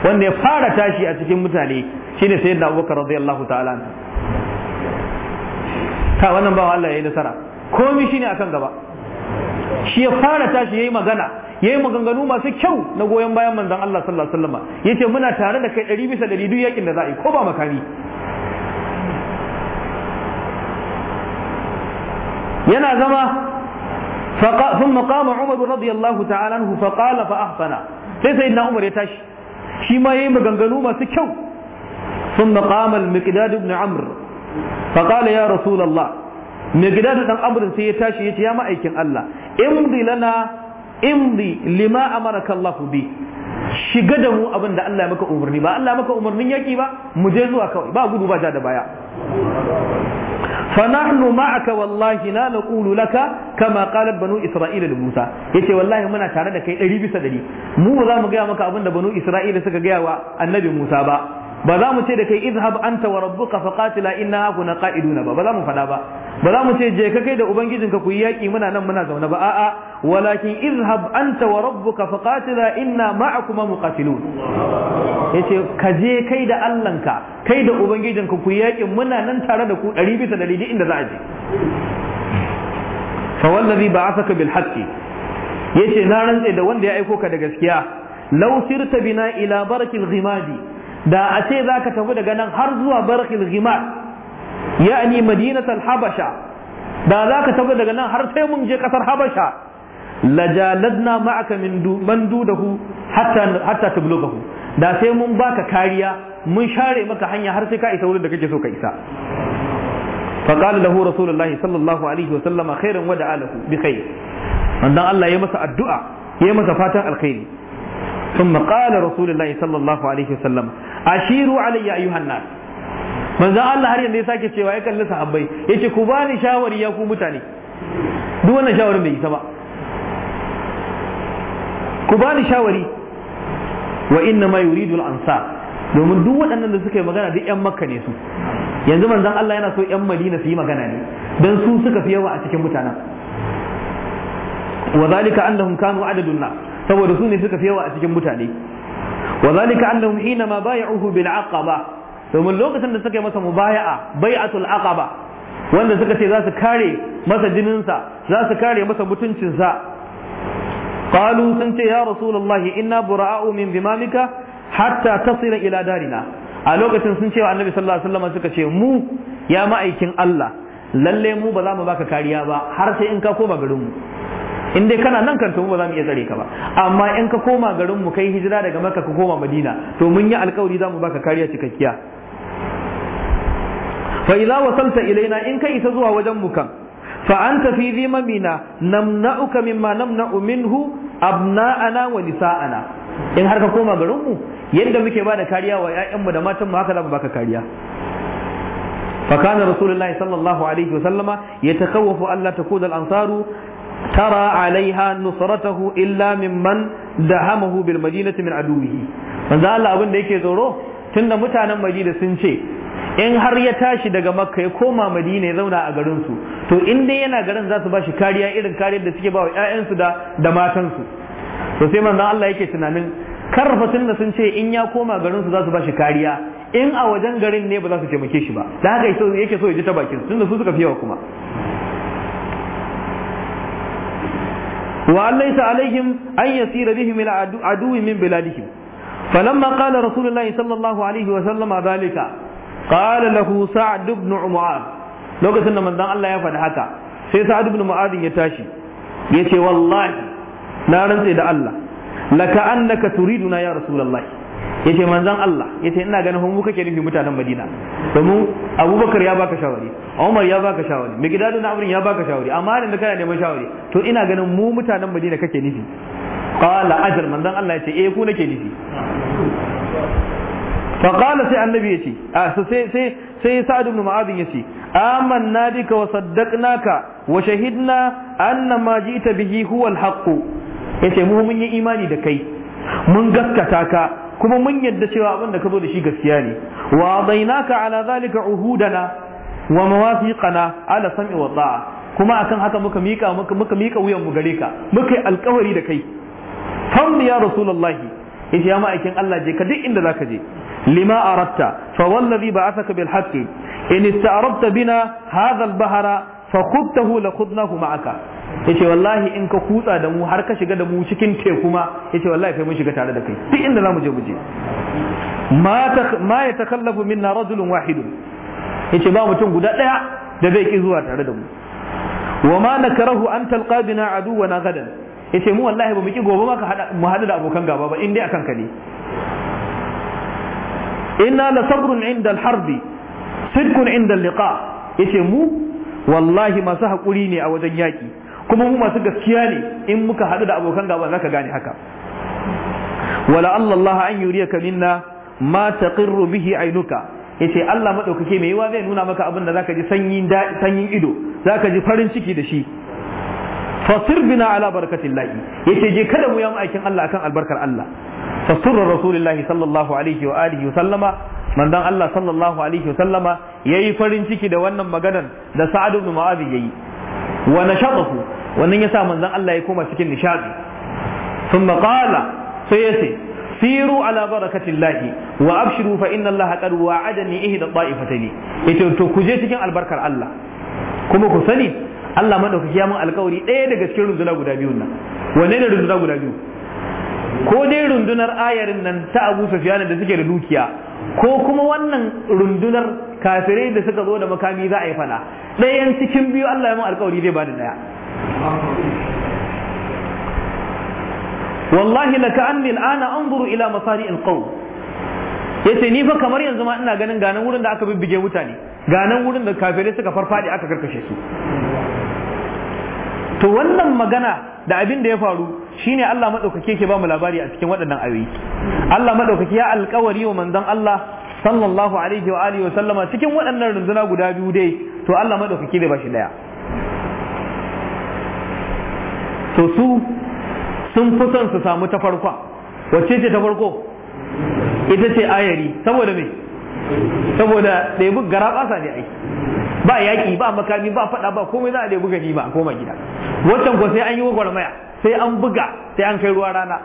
وأن يفار تاشي أتكين متالي شين سيدنا أبو بكر رضي الله تعالى عنه ta wannan bawa Allah ya yi nasara Komai shine akan gaba shi ya fara tashi yayi magana yayi maganganu masu kyau na goyon bayan manzon Allah sallallahu alaihi wasallam yace muna tare da kai ɗari bisa ɗari duk yakin da za a yi ko ba makami yana zama sun قام Umar radiyallahu الله تعالى عنه فقال فأحسن sai sai na umar ya tashi shi ma yayi maganganu masu kyau ثم قام المقداد بن عمرو فقال يا رسول الله مقداد ɗan عمرو sai ya tashi ya yace ya ma'aikin Allah imdi lana imdi lima amaraka Allah bi shiga da mu abin da Allah maka umarni ba Allah maka umarnin yaki ba mu je zuwa kawai ba gudu ba ja da baya fanahnu ma'aka wallahi la naqulu laka kama qalat banu isra'ila da Musa yace wallahi muna tare da kai 100 bisa 100 mu ba za mu gaya maka abin da banu isra'ila suka gaya wa annabi Musa ba ba za mu ce da kai izhab anta wa rabbuka fa qatila inna hakuna qa'iduna ba ba za mu fada ba ba za mu ce je ka kai da ubangijinka ku yi yaki muna nan muna zaune ba a'a walakin izhab anta wa rabbuka faqatila inna ma'akuma muqatilun yace ka je kai da Allahnka kai da ubangijinka ku yakin muna nan tare da ku 100 bisa 100 inda za a je fa wallazi ba'athaka bil haqqi yace na rantse da wanda ya aiko ka da gaskiya law sirta bina ila barakil ghimadi da a ce zaka tafi daga nan har zuwa barakil ghimad ya'ni madinatul habasha da zaka tafi daga nan har sai mun je kasar habasha lajaladna ma'aka man dudahu hatta tablughahu da sai mun baka kariya mun share maka hanya har sai ka isa wurin da kake so ka isa فقال له رسول الله صلى الله عليه وسلم خيرا ودعا له بخير عندما الله يمسى الدعاء يمسى فاتح الخير ثم قال رسول الله صلى الله عليه وسلم أشيروا علي أيها الناس manzo Allah har yanzu ya sake cewa ya kalli ya ce ku bani shawari ya ku mutane duk wannan isa ba ku bani shawari wa inna ma yuridul ansar domin duk waɗannan da suka yi magana duk yan makka ne su yanzu manzon Allah yana so yan madina su yi magana ne dan su suka fi yawa a cikin mutanen wa zalika annahum kanu adadun nas saboda su ne suka fi yawa a cikin mutane wa zalika annahum hina ma bay'uhu bil aqaba domin lokacin da suka yi masa mubaya'a bai'atul aqaba wanda suka ce za su kare masa jininsa za su kare masa mutuncinsa قالوا sun ce ya الله inna براء من bimamika hatta تصل ila darina a lokacin sun ce annabi sallallahu alaihi wasallam suka ce mu ya ma'aikin Allah lalle mu ba za mu baka kariya ba har sai in ka koma garin mu in dai kana nan kanta mu ba za mu iya tsare ka ba amma in ka koma garin mu kai hijira daga maka ka koma madina to mun yi alkawari za mu baka kariya cikakkiya fa idza wasalta ilaina in ka isa zuwa wajen mu kan فأنت في ذممنا نمنعك مما نمنع منه أبناءنا ونساءنا إن هرك كوما غرمو yadda muke ba da kariya wa ‘ya’yanmu da matan mu haka za baka kariya fakanar rasulullah sallallahu alaihi wasallama ya ta kawafu allah ta kudal ansaru tara alaiha nusratahu illa mimman da hamahu bil madinati min aduwihi manzo allah abin da yake tsoro tunda mutanen majida sun ce in har ya tashi daga makka ya koma madina ya zauna a garinsu. to in dai yana garin za su ba shi kariya irin kariyar da suke bawa wa ƴaƴansu da da matansu to sai manzon Allah yake tunanin karfa da sun ce in ya koma garinsu su za su ba shi kariya in a wajen garin ne ba za su taimake shi ba da haka yake so ya ji ta bakin su tunda su suka fi yawa kuma wa ليس alaihim an yasira bihim ila adu min biladihim فلما قال رسول الله صلى الله عليه وسلم qala lahu sa'd ibn mu'ad lokacin da manzon Allah ya faɗi haka sai sa'd ibn mu'ad ya tashi yace wallahi na rantse da Allah laka annaka turiduna ya rasulullahi yace manzon Allah yace ina ganin mu kake nufi mutanen Madina domin Abubakar ya baka shawari Umar ya baka shawari mai na Abrin ya baka shawari amma da kana neman shawari to ina ganin mu mutanen Madina kake nufi qala ajr manzon Allah yace eh ku nake nufi faƙala sai annabi ya ce sai sai sa'ad ibn mu'adh ya ce amanna dika wa saddaqnaka wa shahidna anna ma ji'ta bihi huwa al Ya yace mu mun yi imani da kai mun gaskata ka kuma mun yadda cewa abin da ka zo da shi gaskiya ne wa adainaka ala zalika uhudana wa mawafiqana ala sam'i wa ta'a kuma akan haka muka mika muka mika wuyan mu gare ka muka yi alƙawari da kai fam ya rasulullahi yace ya ma'aikin Allah je ka duk inda ka je lima aratta fa wallazi ba'athaka bil haqqi in ista'rabta bina hadha al bahara fa khudtahu la khudnahu ma'aka yace wallahi in ka kutsa da mu har ka shiga da mu cikin teku ma yace wallahi kai mun shiga tare da kai duk inda zamu je mu je ma ya takallafu minna rajulun wahidun yace ba mutum guda daya da zai ki zuwa tare da mu wa ma nakarahu an talqa bina aduwana gadan yace mu wallahi ba mu ki gobe maka mu hada da abokan gaba ba in dai akan ne inna la sabrun inda al-harb sidqun inda al-liqa yace mu wallahi masu hakuri ne a wajen yaki kuma mu masu gaskiya ne in muka hadu da abokan gaba zaka gane haka wala Allah an yuriyaka minna ma taqirru bihi ainuka yace Allah madaukake mai yawa zai nuna maka abin da zaka ji sanyin sanyin ido zaka ji farin ciki da shi fasir bina ala barakatin lahi yace je kada mu ma aikin Allah akan albarkar Allah fasurra rasulullahi sallallahu alaihi wa alihi wa sallama manzon Allah sallallahu alaihi wa sallama yayi farin ciki da wannan maganar da Sa'ad ibn Mu'adh yayi wa nashadahu wannan yasa manzon Allah ya koma cikin nishadi thumma qala sai yace siru ala barakatin lahi wa abshiru fa inna Allah qad wa'adani ihda ta'ifatayn yace to ku je cikin albarkar Allah kuma ku sani Allah madaukaki ya mun alkawari ɗaya daga cikin runduna guda biyu nan wanne ne runduna guda biyu ko dai rundunar ayarin nan ta Abu Sufyan da suke da dukiya ko kuma wannan rundunar kafirai da suka zo da makami za a yi fada ɗayan cikin biyu Allah ya mun alkawari zai bada ɗaya wallahi laka anni al'ana anzuru ila masari alqaw yace ni fa kamar yanzu ma ina ganin ganan wurin da aka bibbige mutane ganan wurin da kafirai suka farfade aka karkashe su to wannan magana da abin da ya faru shine Allah madaukake ke ba mu labari a cikin waɗannan ayoyi Allah madaukake ya alƙawari wa manzon Allah sallallahu alaihi wa alihi wa sallama cikin waɗannan runzuna guda biyu dai to Allah madaukake bai bashi daya to su sun fi son su samu ta farko wacce ce ta farko ita ce ayari saboda me saboda ɗebi gara ƙasa ne ai ba yaƙi ba makami ba faɗa ba komai za a ɗebi gani ba a koma gida watan ko sai an yi gwagwarmaya sai an buga sai an kai ruwa rana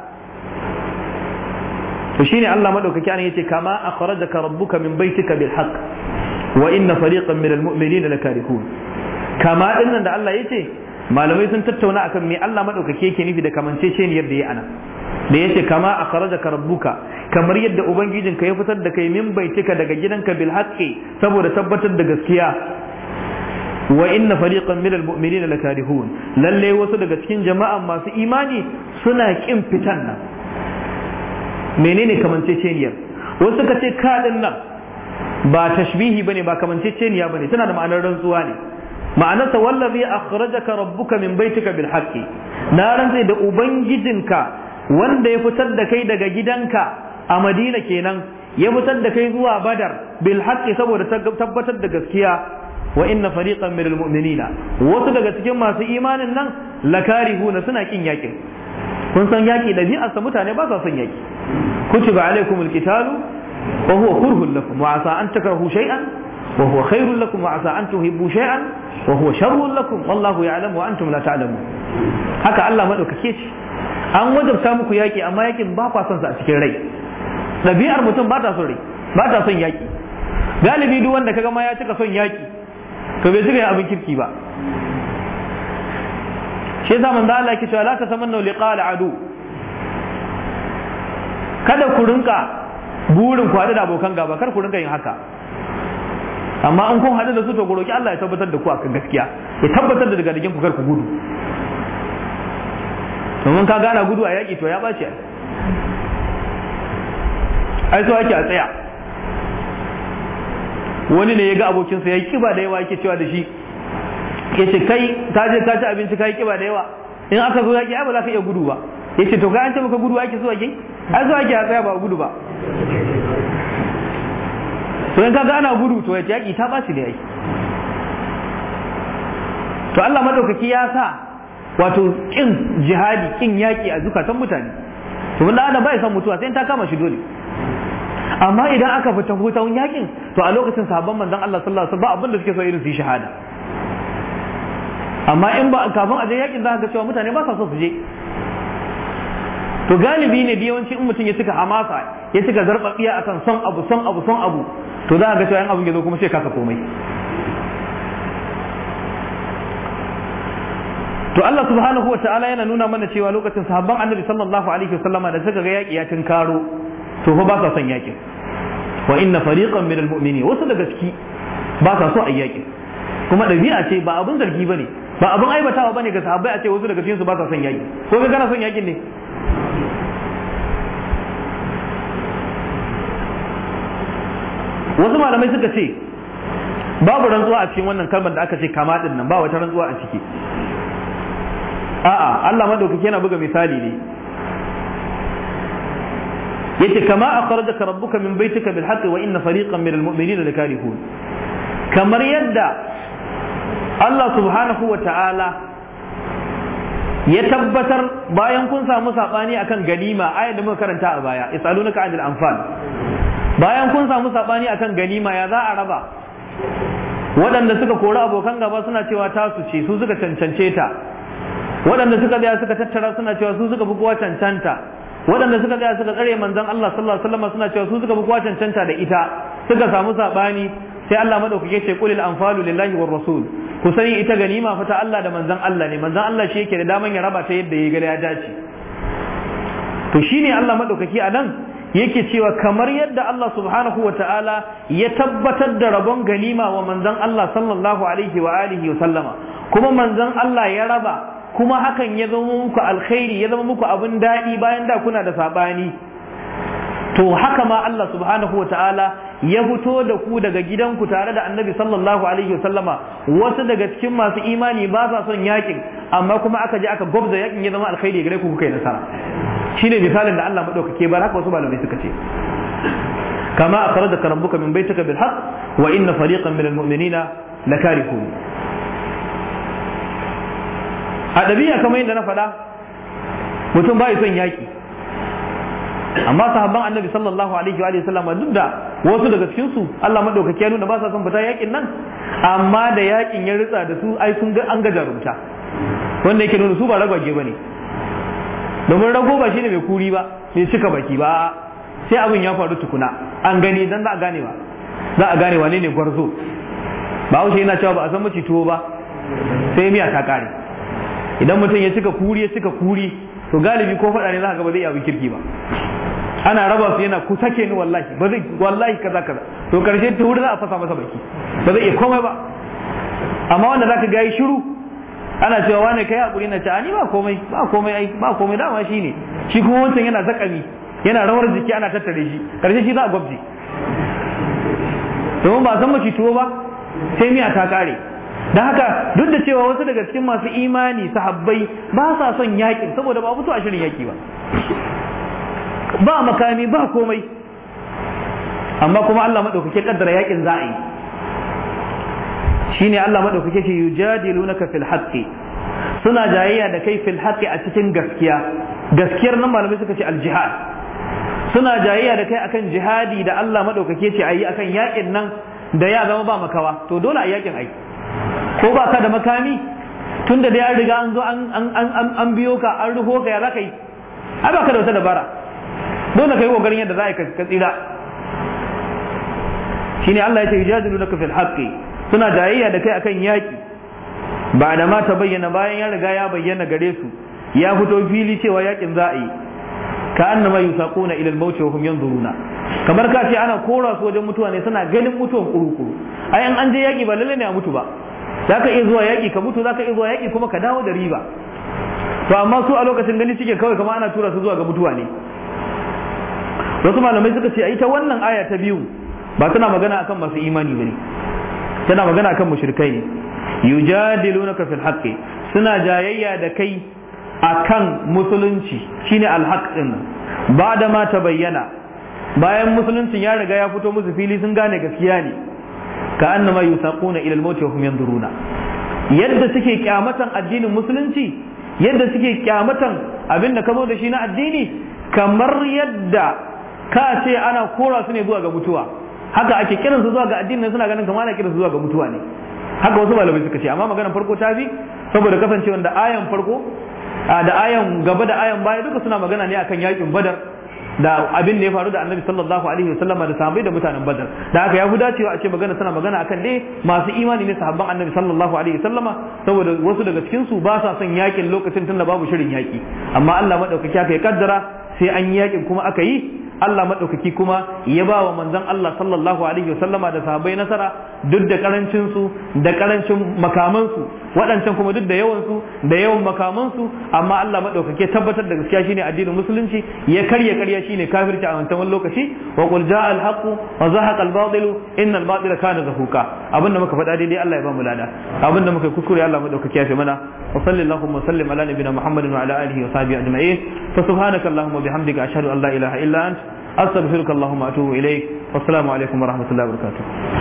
to shine Allah madaukaki an yace kama akhrajaka rabbuka min baitika bil haqq wa inna fariqan min al mu'minina lakarihun kama dinnan da Allah yace malamai sun tattauna akan me Allah madaukaki yake nufi da kamanceceniyar da ya ana da yace kama akhrajaka rabbuka kamar yadda ubangijinka ya fitar da kai min baitika daga gidanka bil haqqi saboda tabbatar da gaskiya wa inna fariqan minal mu'minina lakarihun lalle wasu daga cikin jama'a masu imani suna kin fitan nan menene kamanceceniyar wasu ka ce kadin nan ba tashbihi bane ba kamanceceniya bane tana da ma'anar rantsuwa ne ma'anarsa wallazi akhrajaka rabbuka min baitika bil haqqi na rantse da ubangijinka wanda ya fitar da kai daga gidanka a Madina kenan ya fitar da kai zuwa Badar bil haqqi saboda tabbatar da gaskiya wa inna fariqan minal mu'minina wasu daga cikin masu imanin nan lakarihuna suna kin yakin kun san yaki sa mutane ba sa son yaki kutiba alaikumul qitalu wa huwa kurhun lakum wa asa an takrahu shay'an وهو خير لكم وعسى أن تهبوا شيئا وهو شر لكم والله يعلم وأنتم لا تعلمون هكا الله ما دوكاكيش an wajabta muku yaƙi amma yakin ba kwa son sa a cikin rai ɗabi'ar mutum ba ta son rai ba ta son yaƙi galibi duk wanda kaga ma ya cika son yaƙi to bai yi abin kirki ba shi yasa manzo Allah yake cewa la tasamannu liqa al-adu kada ku rinka burin ku haɗu da abokan gaba kar ku rinka yin haka amma in kun haɗu da su to ku roki Allah ya tabbatar da ku akan gaskiya ya tabbatar da daga digin ku kar ku gudu domin ka gana gudu a yaƙi to ya bace ai so ake a tsaya wani ne ya ga abokinsa ya yi kiba da yawa yake cewa da shi ya ce kai ka je ka ci abinci ka yi kiba da yawa in aka zo yaƙi ai ba za ka iya gudu ba ya ce to ka an ce maka gudu ake zuwa ke ai zuwa ke a tsaya ba gudu ba to in kaga ana gudu to ya yaƙi ta shi da yaƙi to Allah madaukaki ya sa wato kin jihadi kin yaƙi a zukatan mutane to wanda ana bai san mutuwa sai ta kama shi dole amma idan aka fita hutun yakin to a lokacin sabon manzon Allah sallallahu alaihi wasallam ba abin da suke so irin su yi shahada amma in ba kafin a je yakin za ka cewa mutane ba sa so su je to galibi ne yawanci in mutum ya cika hamasa ya cika iya akan son abu son abu son abu to za ka ga cewa in abin ya zo kuma sai kasa komai to Allah subhanahu wa ta'ala yana nuna mana cewa lokacin sahabban annabi sallallahu alaihi wasallama da suka ga yaki ya tinkaro to fa ba sa son yakin wa inna fariqan min almu'mini wasu daga ciki ba sa so a yakin kuma ɗabi'a ce ba abun zargi bane ba abun aibatawa bane ga sahabbai a ce wasu daga cikin su ba sa son yakin ko ga kana son yakin ne wasu malamai suka ce babu rantsuwa a cikin wannan kalmar da aka ce kama din nan ba wata rantsuwa a ciki a'a Allah madaukaki yana buga misali ne yace kama akhrajaka rabbuka min baitika bil haqqi wa inna fariqan minal mu'minina lakarihun kamar yadda Allah subhanahu wa ta'ala ya tabbatar bayan kun samu sabani akan ganima ayar da muka karanta a baya yasalunaka anil anfal bayan kun samu sabani akan ganima ya za a raba waɗanda suka kori abokan gaba suna cewa tasu ce su suka cancance ta waɗanda suka biya suka tattara suna cewa su suka fi kowa cancanta waɗanda suka tsaya suka tsare manzon Allah sallallahu alaihi wasallam suna cewa su suka bi kuwa cancanta da ita suka samu sabani sai Allah madaukake ce qulil anfalu lillahi war rasul ku sani ita ganima fa ta Allah da manzon Allah ne manzon Allah shi yake da daman ya raba ta yadda ya ga ya dace to shine Allah madaukaki a nan yake cewa kamar yadda Allah subhanahu wa ta'ala ya tabbatar da rabon ganima wa manzon Allah sallallahu alaihi wa alihi wa sallama kuma manzon Allah ya raba kuma hakan ya zama muku alkhairi ya zama muku abin daɗi bayan da kuna da saɓani to haka ma Allah subhanahu wa ta'ala ya fito da ku daga gidanku tare da annabi sallallahu alaihi wasallama wasu daga cikin masu imani ba sa son yakin amma kuma aka je aka gwabza yakin ya zama alkhairi gare ku kuka yi nasara shine misalin da Allah madaukake bar haka wasu malamai suka ce kama akhrajaka rabbuka min baitika bil haqq wa inna fariqan na mu'minina lakarihun a ɗabi'a kamar yadda na faɗa mutum ba son yaƙi amma sahabban annabi sallallahu alaihi wa sallam duk da wasu daga cikin su Allah madaukaki ya nuna ba sa son fita yaƙin nan amma da yaƙin ya ritsa da su ai sun ga an ga jarumta wanda yake nuna su ba ragwaje bane domin rago ba shine mai kuri ba mai cika baki ba sai abin ya faru tukuna an gani dan za a gane ba za a gane wane ne gwarzo ba wuce yana cewa ba a san maci tuwo ba sai miya ta kare idan mutum ya cika kuri ya cika kuri to galibi ko faɗa ne za ga ba zai abin kirki ba ana raba su yana ku sake ni wallahi ba zai wallahi kaza kaza to karshe ta wuri za a fasa masa baki ba zai iya komai ba amma wanda za ka ga yi shiru ana cewa wane kai hakuri na ta ani ba komai ba komai ai ba komai dama shine shi kuma wancan yana zakami yana rawar jiki ana tattare shi karshe shi za a gwabje domin ba san mace tuwo ba sai miya ta kare don haka duk da cewa wasu daga cikin masu imani sahabbai ba sa son yakin saboda ba mutu a shirin yaki ba ba makami ba komai amma kuma Allah madaukake kaddara yakin za a yi shine Allah madaukake shi yujadilunaka fil haqqi suna jayayya da kai fil haqqi a cikin gaskiya gaskiyar nan malamai suka ce al jihad suna jayayya da kai akan jihadi da Allah madaukake ce ayi akan yakin nan da ya zama ba makawa to dole a yakin aiki ko ba ka da makami tun da dai an riga an zo an biyo ka an ruho ka ya za ka yi ai ba ka da wata dabara dole ka yi kokarin yadda za a ka tsira ne Allah ya ce yujadilu na kafin haƙƙi suna jayayya da kai akan yaƙi. ba da ma ta bayyana bayan ya riga ya bayyana gare su ya fito fili cewa yaƙin za a yi ka annama yusaquna ila al-maut wa hum kamar ka ce ana kora su wajen mutuwa ne suna ganin mutuwan kurukuru ai an je yaƙi ba lalle ne a mutu ba za ka iya zuwa yaƙi ka mutu za ka iya zuwa yaƙi kuma ka dawo da riba to amma su a lokacin gani suke kawai kama ana tura su zuwa ga mutuwa ne wasu malamai suka ce ita wannan aya ta biyu ba tana magana akan masu imani bane tana magana akan mushrikai ne yujadilunaka fil haqqi suna jayayya da kai akan musulunci shine alhaq din ba da ma ta bayyana bayan musuluncin ya riga ya fito musu fili sun gane gaskiya ne ka annama yusaquna ila al-maut wa hum yanzuruna yadda suke kyamatan addinin musulunci yadda suke kyamatan abin da ka zo da shi na addini kamar yadda ka ce ana kora su ne zuwa ga mutuwa haka ake kiran su zuwa ga addini suna ganin kamar ana kiran su zuwa ga mutuwa ne haka wasu malamai suka ce amma maganar farko ta fi saboda kasancewa da ayan farko da ayan gaba da ayan baya duka suna magana ne akan yakin badar da abin da ya faru da annabi sallallahu alaihi wasallama da sahabbai da mutanen badar da haka ya fi dacewa a ce magana tana magana akan dai masu imani ne sahabban annabi sallallahu alaihi wasallama saboda wasu daga cikin su ba sa son yakin lokacin tunda babu shirin yaki amma Allah madaukaki ya kaddara sai an yi yakin kuma aka yi Allah maɗaukaki kuma ya ba wa manzon Allah sallallahu alaihi wasallama da sahabbai nasara duk da karancin su da karancin makaman su waɗancan kuma duk da yawansu da yawan makamansu amma Allah maɗaukake tabbatar da gaskiya shine addinin musulunci ya karya karya shine kafirci a wancan lokaci wa qul jaa al haqq wa zahaqa al batil inna al batila kana zahuqa abinda muka faɗa daidai Allah ya ba mu lada abinda muka kuskure Allah maɗaukake ya fi mana wa sallallahu wa sallim ala nabiyina muhammadin wa ala alihi wa sahbihi ajma'in fa subhanaka allahumma bihamdika ashhadu an la ilaha illa anta astaghfiruka allahumma atubu ilaik wassalamu alaikum wa rahmatullahi wa barakatuh